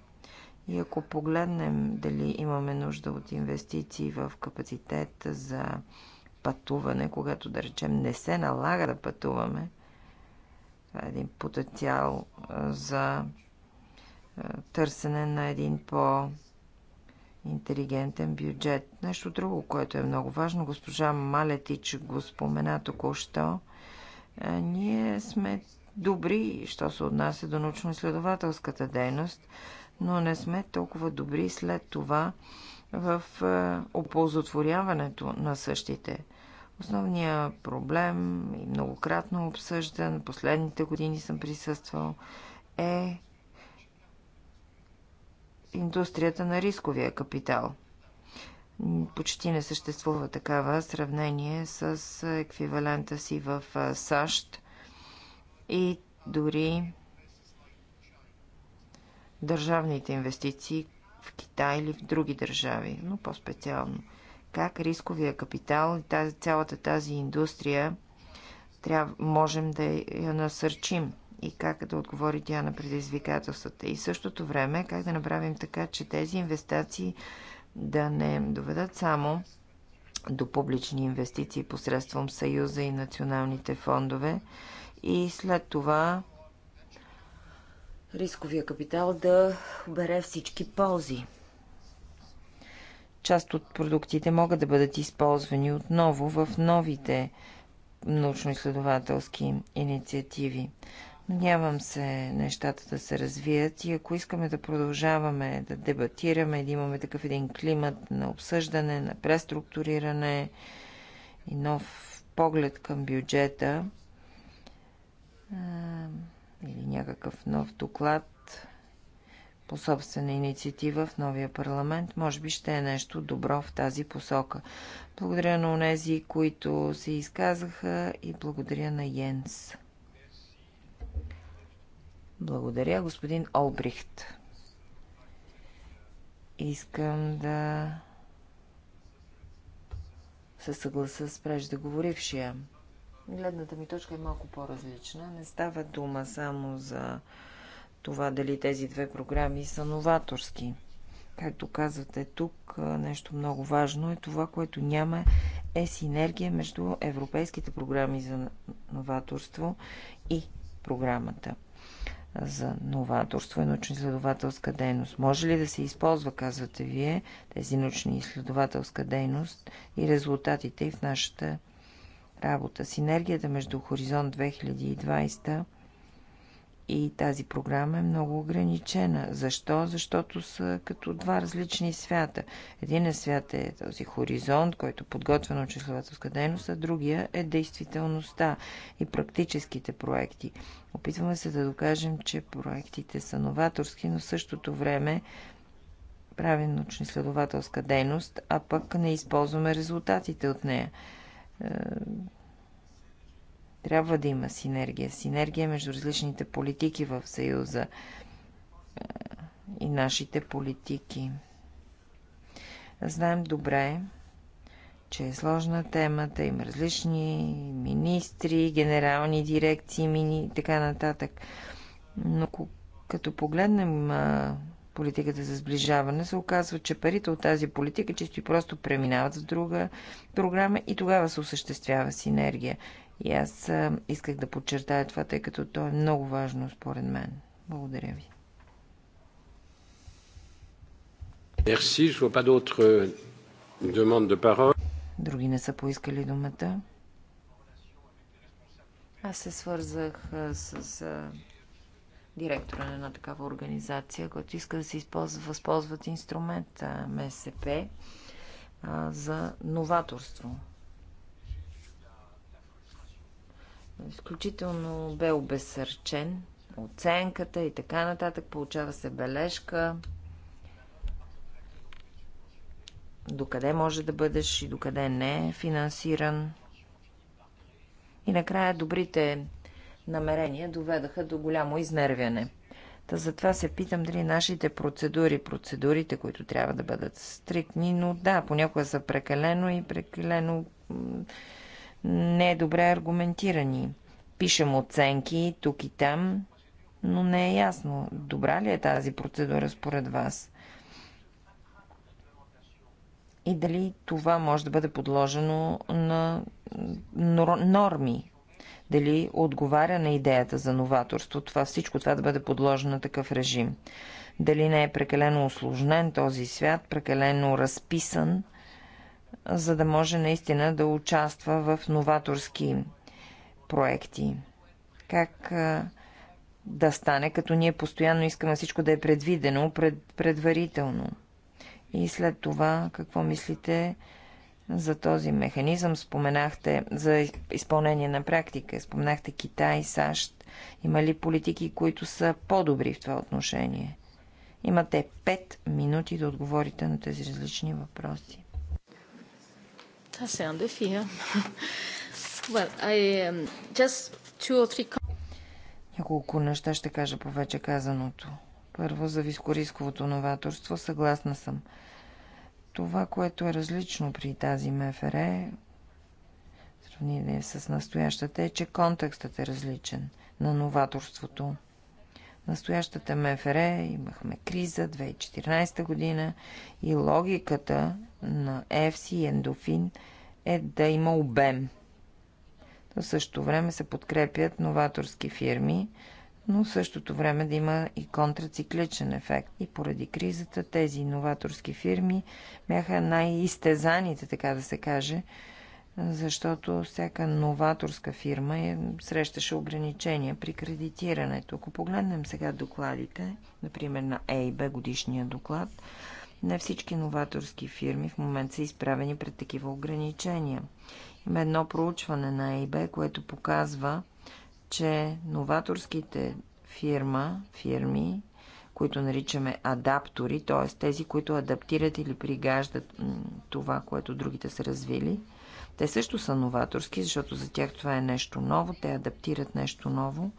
И ако погледнем дали имаме нужда от инвестиции в капацитет за пътуване, когато да речем не се налага да пътуваме, това е един потенциал за търсене на един по- интелигентен бюджет. Нещо друго, което е много важно, госпожа Малетич го спомена току-що. Ние сме добри, що се отнася до научно-изследователската дейност, но не сме толкова добри след това в оползотворяването на същите. Основният проблем, и многократно обсъждан, последните години съм присъствал, е индустрията на рисковия капитал. Почти не съществува такава сравнение с еквивалента си в САЩ и дори държавните инвестиции в Китай или в други държави, но по-специално – как рисковия капитал и тази, цялата тази индустрия трябва, можем да я насърчим и как да отговори тя на предизвикателствата. И същото време как да направим така, че тези инвестиции да не доведат само до публични инвестиции посредством Съюза и националните фондове и след това рисковия капитал да бере всички ползи. Част от продуктите могат да бъдат използвани отново в новите научно-изследователски инициативи. Надявам се нещата да се развият и ако искаме да продължаваме да дебатираме, да имаме такъв един климат на обсъждане, на преструктуриране и нов поглед към бюджета или някакъв нов доклад, по собствена инициатива в новия парламент, може би ще е нещо добро в тази посока. Благодаря на онези, които се изказаха и благодаря на Йенс. Благодаря, господин Олбрихт. Искам да се съгласа с преждеговорившия. Гледната ми точка е малко по-различна. Не става дума само за това дали тези две програми са новаторски. Както казвате тук, нещо много важно е това, което няма е синергия между европейските програми за новаторство и програмата за новаторство и научно-изследователска дейност. Може ли да се използва, казвате вие, тези научно-изследователска дейност и резултатите и в нашата работа? Синергията между Хоризонт 2020 и тази програма е много ограничена. Защо? Защото са като два различни свята. Един е свят е този хоризонт, който подготвя на изследователска дейност, а другия е действителността и практическите проекти. Опитваме се да докажем, че проектите са новаторски, но в същото време правим научно-изследователска дейност, а пък не използваме резултатите от нея. Е, трябва да има синергия. Синергия между различните политики в Съюза е, и нашите политики. Знаем добре, че е сложна темата, има различни министри, генерални дирекции, мини и така нататък. Но като погледнем политиката за сближаване, се оказва, че парите от тази политика чисто и просто преминават в друга програма и тогава се осъществява синергия. И аз исках да подчертая това, тъй като то е много важно според мен. Благодаря ви. Merci, je vois pas d'autres euh, demandes de parole. Други не са поискали думата. Аз се свързах с директора на една такава организация, който иска да се използва, възползват инструмент МСП за новаторство. Изключително бе обесърчен. Оценката и така нататък. Получава се бележка. Докъде може да бъдеш и докъде не е финансиран. И накрая добрите намерения доведаха до голямо изнервяне. Та затова се питам дали нашите процедури, процедурите, които трябва да бъдат стриктни, но да, понякога са прекалено и прекалено не добре аргументирани. Пишем оценки тук и там, но не е ясно. Добра ли е тази процедура според вас? И дали това може да бъде подложено на норми? Дали отговаря на идеята за новаторство? Това всичко това да бъде подложено на такъв режим? Дали не е прекалено осложнен този свят, прекалено разписан? за да може наистина да участва в новаторски проекти. Как да стане, като ние постоянно искаме всичко да е предвидено пред, предварително. И след това, какво мислите за този механизъм? Споменахте за изпълнение на практика, споменахте Китай, САЩ. Има ли политики, които са по-добри в това отношение? Имате 5 минути да отговорите на тези различни въпроси. Tasseende Fia. Well, I, um, just two or three... Няколко неща ще кажа по вече казаното. Първо, за вискорисковото новаторство съгласна съм. Това, което е различно при тази МФР, сравнение с настоящата, е, че контекстът е различен на новаторството. Настоящата МФР имахме криза 2014 година и логиката на ЕФСИ и Ендофин е да има обем. В същото време се подкрепят новаторски фирми, но в същото време да има и контрацикличен ефект. И поради кризата тези новаторски фирми бяха най-изтезаните, така да се каже, защото всяка новаторска фирма е, срещаше ограничения при кредитирането. Ако погледнем сега докладите, например на ЕИБ годишния доклад, не всички новаторски фирми в момент са изправени пред такива ограничения. Има едно проучване на AIB, което показва, че новаторските фирма, фирми, които наричаме адаптори, т.е. тези, които адаптират или пригаждат това, което другите са развили, те също са новаторски, защото за тях това е нещо ново, те адаптират нещо ново,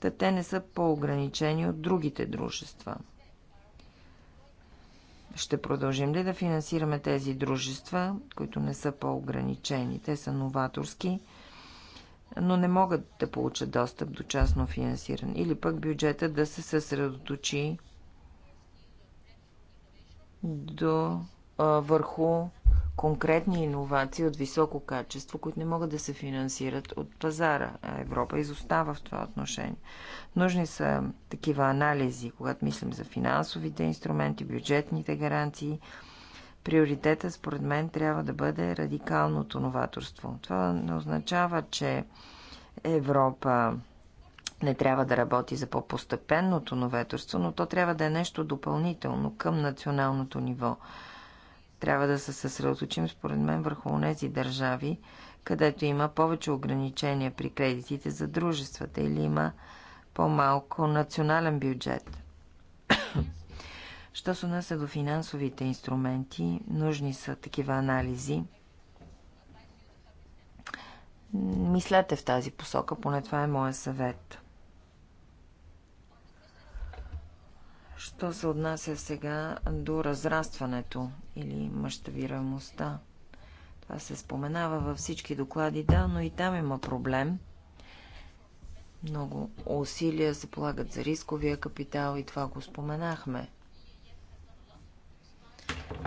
та те не са по-ограничени от другите дружества. Ще продължим ли да финансираме тези дружества, които не са по-ограничени? Те са новаторски, но не могат да получат достъп до частно финансиране. Или пък бюджета да се съсредоточи до, а, върху конкретни иновации от високо качество, които не могат да се финансират от пазара. Европа изостава в това отношение. Нужни са такива анализи, когато мислим за финансовите инструменти, бюджетните гаранции. Приоритета, според мен, трябва да бъде радикалното новаторство. Това не означава, че Европа не трябва да работи за по-постепенното новаторство, но то трябва да е нещо допълнително към националното ниво. Трябва да се съсредоточим, според мен, върху тези държави, където има повече ограничения при кредитите за дружествата или има по-малко национален бюджет. Що се отнася до финансовите инструменти, нужни са такива анализи. Мислете в тази посока, поне това е моя съвет. Що се отнася сега до разрастването или мащабираемостта. Това се споменава във всички доклади, да, но и там има проблем. Много усилия се полагат за рисковия капитал и това го споменахме.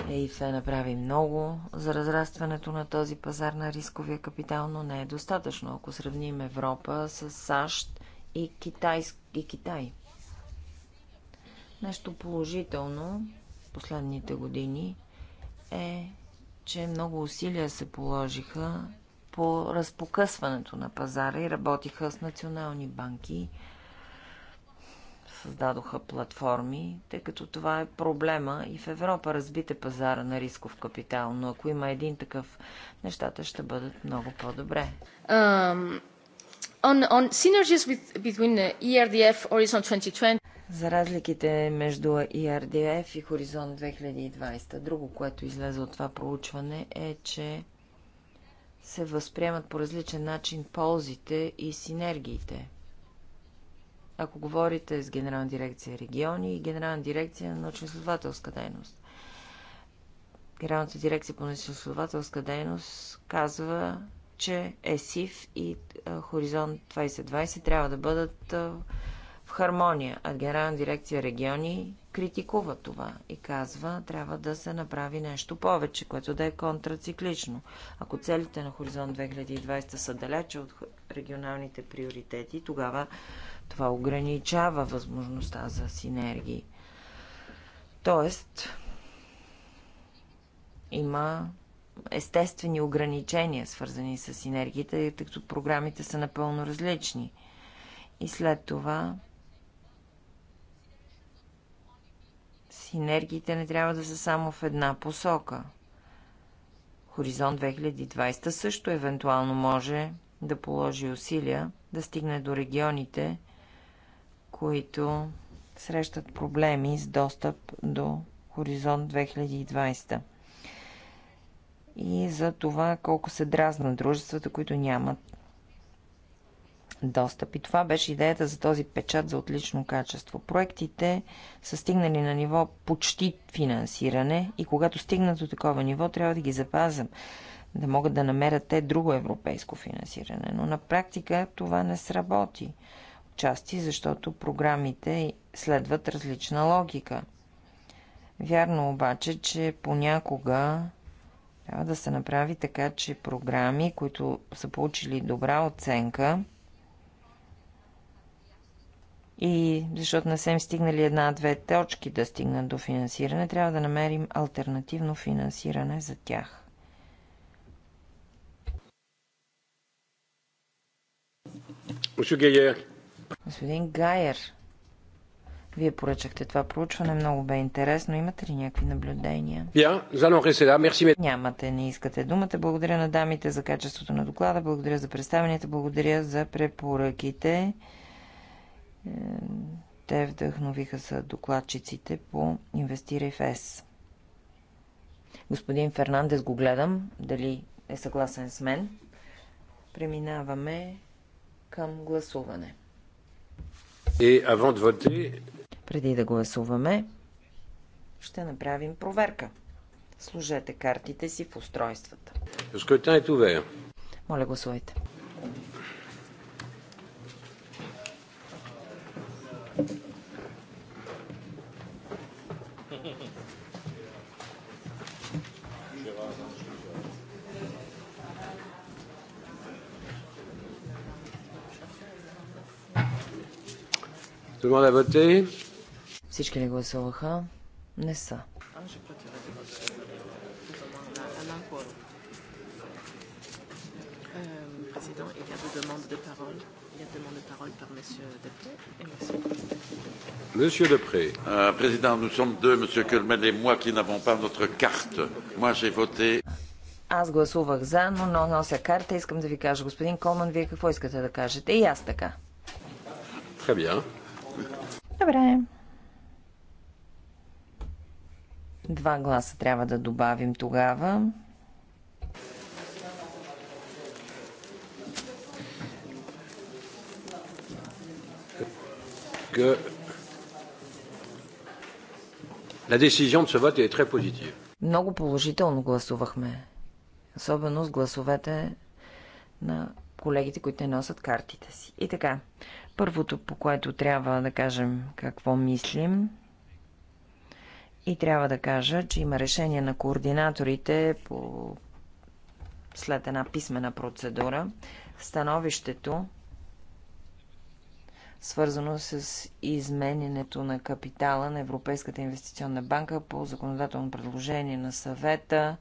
ЕИФ направи много за разрастването на този пазар на рисковия капитал, но не е достатъчно, ако сравним Европа с САЩ и, Китайск, и Китай. Нещо положително последните години е, че много усилия се положиха по разпокъсването на пазара и работиха с национални банки, създадоха платформи, тъй като това е проблема и в Европа разбите пазара на рисков капитал, но ако има един такъв, нещата ще бъдат много по-добре. Um, On, on synergies with, between ERDF e Horizon 2020 за разликите между ERDF и Хоризонт 2020. Друго, което излезе от това проучване е, че се възприемат по различен начин ползите и синергиите. Ако говорите с Генерална дирекция региони и Генерална дирекция на научно-изследователска дейност. Генералната дирекция по научно-изследователска дейност казва, че ЕСИФ и Хоризонт 2020 трябва да бъдат в хармония. А Генерална дирекция региони критикува това и казва, трябва да се направи нещо повече, което да е контрациклично. Ако целите на Хоризонт 2020 са далече от регионалните приоритети, тогава това ограничава възможността за синергии. Тоест, има естествени ограничения, свързани с енергията, тъй като програмите са напълно различни. И след това синергиите не трябва да са само в една посока. Хоризонт 2020 също евентуално може да положи усилия да стигне до регионите, които срещат проблеми с достъп до Хоризонт 2020 и за това колко се дразна дружествата, които нямат достъп. И това беше идеята за този печат за отлично качество. Проектите са стигнали на ниво почти финансиране и когато стигнат до такова ниво, трябва да ги запазим, да могат да намерят те друго европейско финансиране. Но на практика това не сработи. Части, защото програмите следват различна логика. Вярно обаче, че понякога трябва да се направи така, че програми, които са получили добра оценка, и защото не са им стигнали една-две точки да стигнат до финансиране, трябва да намерим альтернативно финансиране за тях. Господин Гайер. Вие поръчахте това проучване, много бе интересно. Имате ли някакви наблюдения? Yeah, Нямате, не искате думата. Благодаря на дамите за качеството на доклада, благодаря за представенията, благодаря за препоръките. Е, те вдъхновиха са докладчиците по Инвестирай в ЕС. Господин Фернандес го гледам, дали е съгласен с мен. Преминаваме към гласуване. И avant de voter, преди да гласуваме, ще направим проверка. Служете картите си в устройствата. Моля, гласувайте. Tout le monde a voté всички ли гласуваха? Не са. Monsieur Depré Euh, président, nous sommes deux, Monsieur Kelmel et moi, qui n'avons pas notre carte. Moi, j'ai voté. Аз гласувах за, но но нося карта. Искам да ви кажа, господин Колман, вие какво искате да кажете? И аз така. Très bien. Добре. Два гласа трябва да добавим тогава. que la décision de ce vote est très positive. Много положително гласувахме. Особено с гласовете на колегите, които не носят картите си. И така, първото, по което трябва да кажем какво мислим, и трябва да кажа, че има решение на координаторите по... след една писмена процедура. Становището, свързано с измененето на капитала на Европейската инвестиционна банка по законодателно предложение на съвета,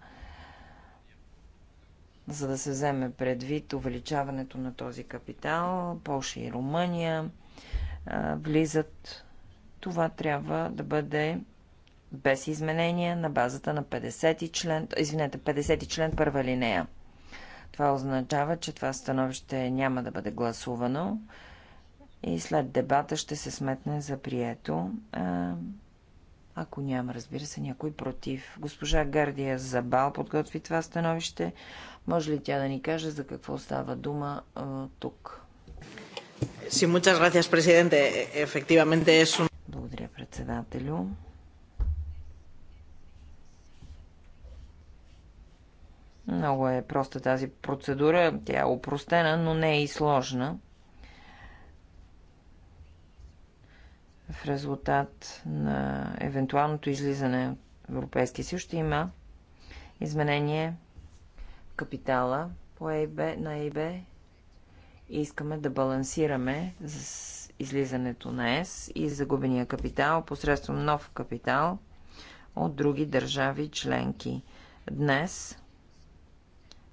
за да се вземе предвид увеличаването на този капитал. Польша и Румъния влизат. Това трябва да бъде без изменения на базата на 50 член, извинете, 50 член първа линея. Това означава, че това становище няма да бъде гласувано и след дебата ще се сметне за прието. Ако няма, разбира се, някой против. Госпожа Гардия Забал подготви това становище. Може ли тя да ни каже за какво става дума тук? Sí, muchas gracias, presidente. Efectivamente es un... Благодаря, председателю. Много е проста тази процедура. Тя е упростена, но не е и сложна. В резултат на евентуалното излизане от Европейския съюз ще има изменение в капитала по ЕИБ, на ЕБ, и искаме да балансираме с излизането на ЕС и загубения капитал посредством нов капитал от други държави членки. Днес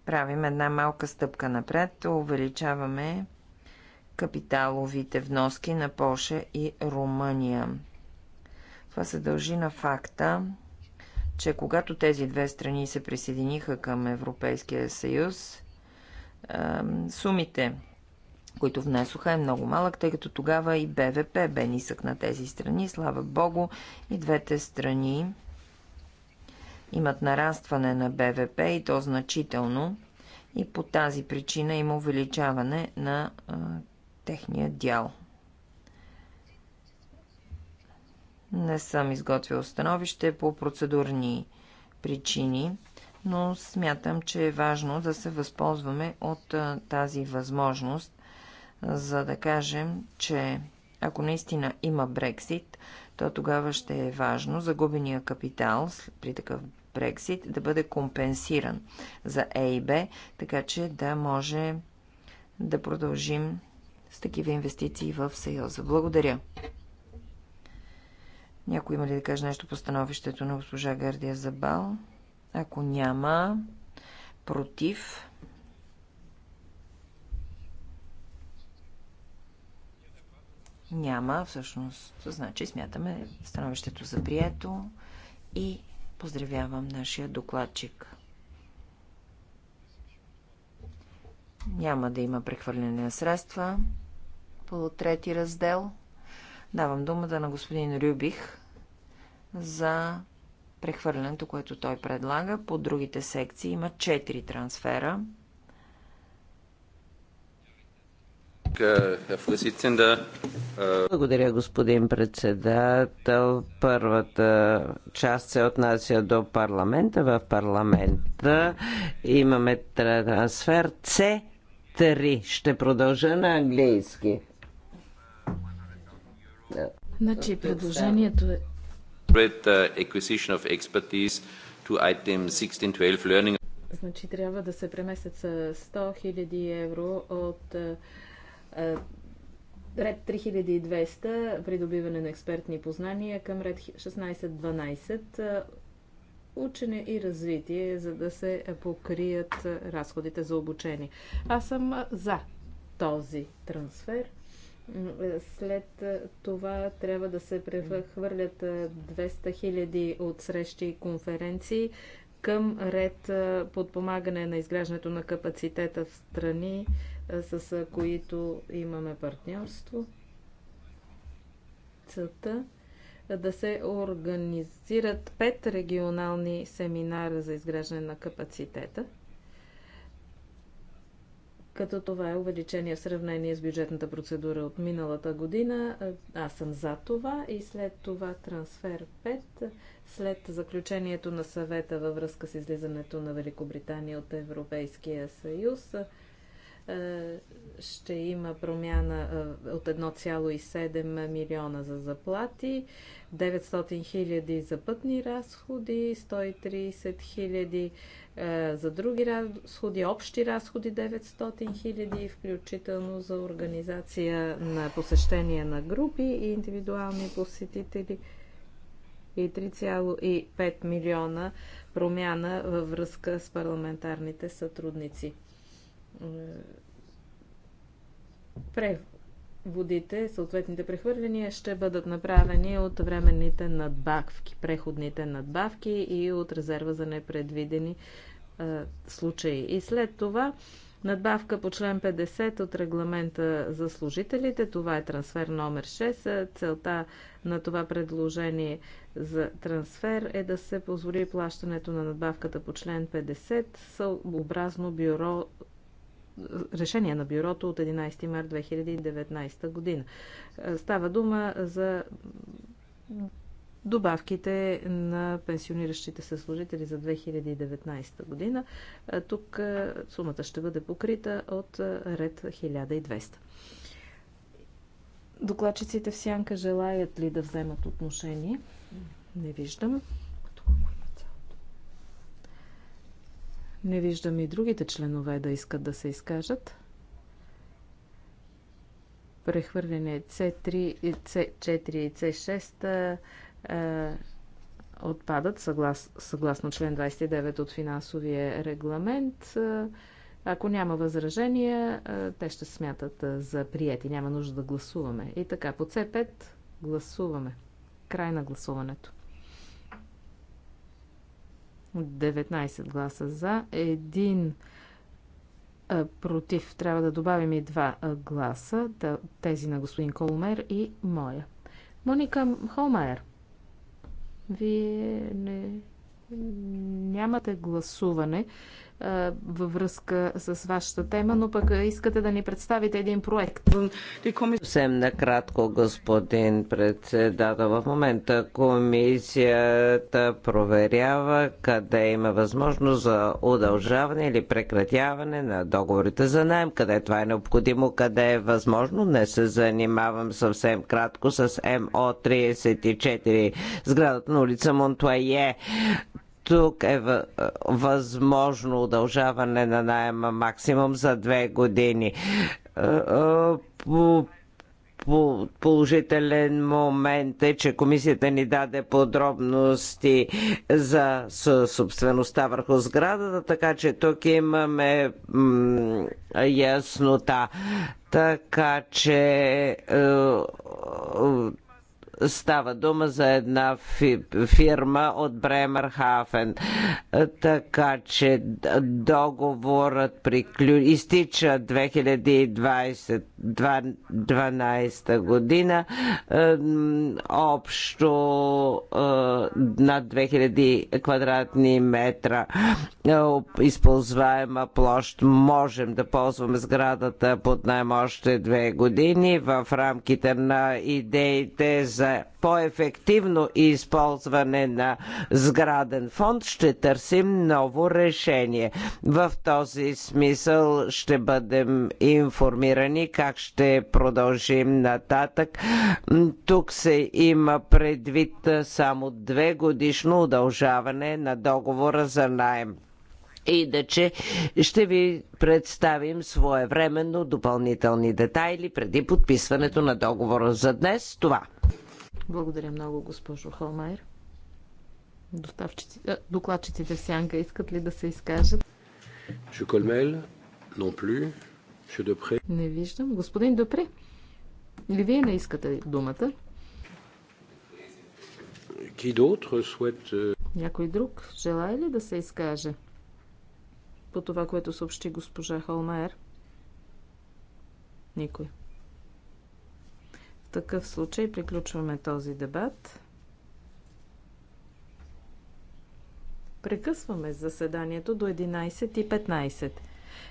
правим една малка стъпка напред, увеличаваме капиталовите вноски на Польша и Румъния. Това се дължи на факта, че когато тези две страни се присъединиха към Европейския съюз, сумите, които внесоха, е много малък, тъй като тогава и БВП бе нисък на тези страни. Слава Богу, и двете страни имат нарастване на БВП и то значително и по тази причина има увеличаване на а, техния дял. Не съм изготвил становище по процедурни причини, но смятам, че е важно да се възползваме от а, тази възможност, а, за да кажем, че ако наистина има Брексит, то тогава ще е важно загубения капитал при такъв Брексит да бъде компенсиран за A и B, така че да може да продължим с такива инвестиции в Съюза. Благодаря. Някой има ли да каже нещо по становището на госпожа Гардия Забал? Ако няма, против. Няма, всъщност, значи смятаме становището за прието и Поздравявам нашия докладчик. Няма да има прехвърляне на средства по трети раздел. Давам думата на господин Рюбих за прехвърлянето, което той предлага. По другите секции има 4 трансфера. Благодаря, господин председател. Първата част се отнася до парламента. В парламента имаме трансфер C3. Ще продължа на английски. Значи предложението е uh, acquisition of expertise to item 1612 learning Значи трябва да се преместят с 100 000 евро от е, ред 3200 придобиване на експертни познания към ред 1612 е, учене и развитие, за да се покрият разходите за обучение. Аз съм за този трансфер. Е, след това трябва да се прехвърлят 200 000 от срещи и конференции към ред подпомагане на изграждането на капацитета в страни с които имаме партньорство. Целта е да се организират пет регионални семинара за изграждане на капацитета, като това е увеличение в сравнение с бюджетната процедура от миналата година. Аз съм за това и след това трансфер 5, след заключението на съвета във връзка с излизането на Великобритания от Европейския съюз, е, ще има промяна е, от 1,7 милиона за заплати, 900 хиляди за пътни разходи, 130 хиляди е, за други разходи, общи разходи 900 хиляди, включително за организация на посещения на групи и индивидуални посетители и 3,5 милиона промяна във връзка с парламентарните сътрудници преводите, съответните прехвърляния ще бъдат направени от временните надбавки, преходните надбавки и от резерва за непредвидени случаи. И след това надбавка по член 50 от регламента за служителите, това е трансфер номер 6. Целта на това предложение за трансфер е да се позволи плащането на надбавката по член 50 съобразно бюро решение на бюрото от 11 март 2019 година. Е, става дума за добавките на пенсиониращите се служители за 2019 година. Е, тук е, сумата ще бъде покрита от ред 1200. Докладчиците в сянка желаят ли да вземат отношение? Не виждам. Не виждам и другите членове да искат да се изкажат. Прехвърляне C3 и C4 и C6 е, отпадат съглас, съгласно член 29 от финансовия регламент. Ако няма възражения, те ще смятат за прияти. Няма нужда да гласуваме. И така, по C5 гласуваме. Край на гласуването. 19 гласа за, един против. Трябва да добавим и два гласа, тези на господин Колумер и моя. Моника Холмайер, вие не, нямате гласуване във връзка с вашата тема, но пък искате да ни представите един проект. Съвсем накратко, господин председател. В момента комисията проверява къде има възможност за удължаване или прекратяване на договорите за найем, къде това е необходимо, къде е възможно. Не се занимавам съвсем кратко с МО-34, сградата на улица Монтуайе. Тук е, е възможно удължаване на найема максимум за две години е, е, положителен момент е, че комисията ни даде подробности за собствеността върху сградата, така че тук имаме яснота. Така че Става дума за една фирма от Бремерхафен. Така че договорът приклю... изтича 2012 година. Общо над 2000 квадратни метра използваема площ. Можем да ползваме сградата под най още две години в рамките на идеите за за е по-ефективно използване на сграден фонд, ще търсим ново решение. В този смисъл ще бъдем информирани как ще продължим нататък. Тук се има предвид само две годишно удължаване на договора за найем. Иначе ще ви представим своевременно допълнителни детайли преди подписването на договора за днес. Това. Благодаря много, госпожо Холмайер. Докладчиците в сянка искат ли да се изкажат? non plus. Не виждам. Господин Депре, или вие не искате думата? Qui d'autre souhaite... Euh, Някой друг желая ли да се изкаже? По това, което съобщи госпожа Холмайер? Никой такъв случай приключваме този дебат. Прекъсваме заседанието до 11.15.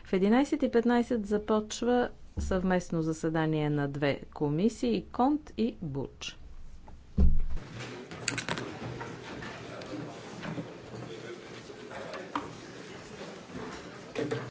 В 11.15 започва съвместно заседание на две комисии – КОНТ и БУЧ.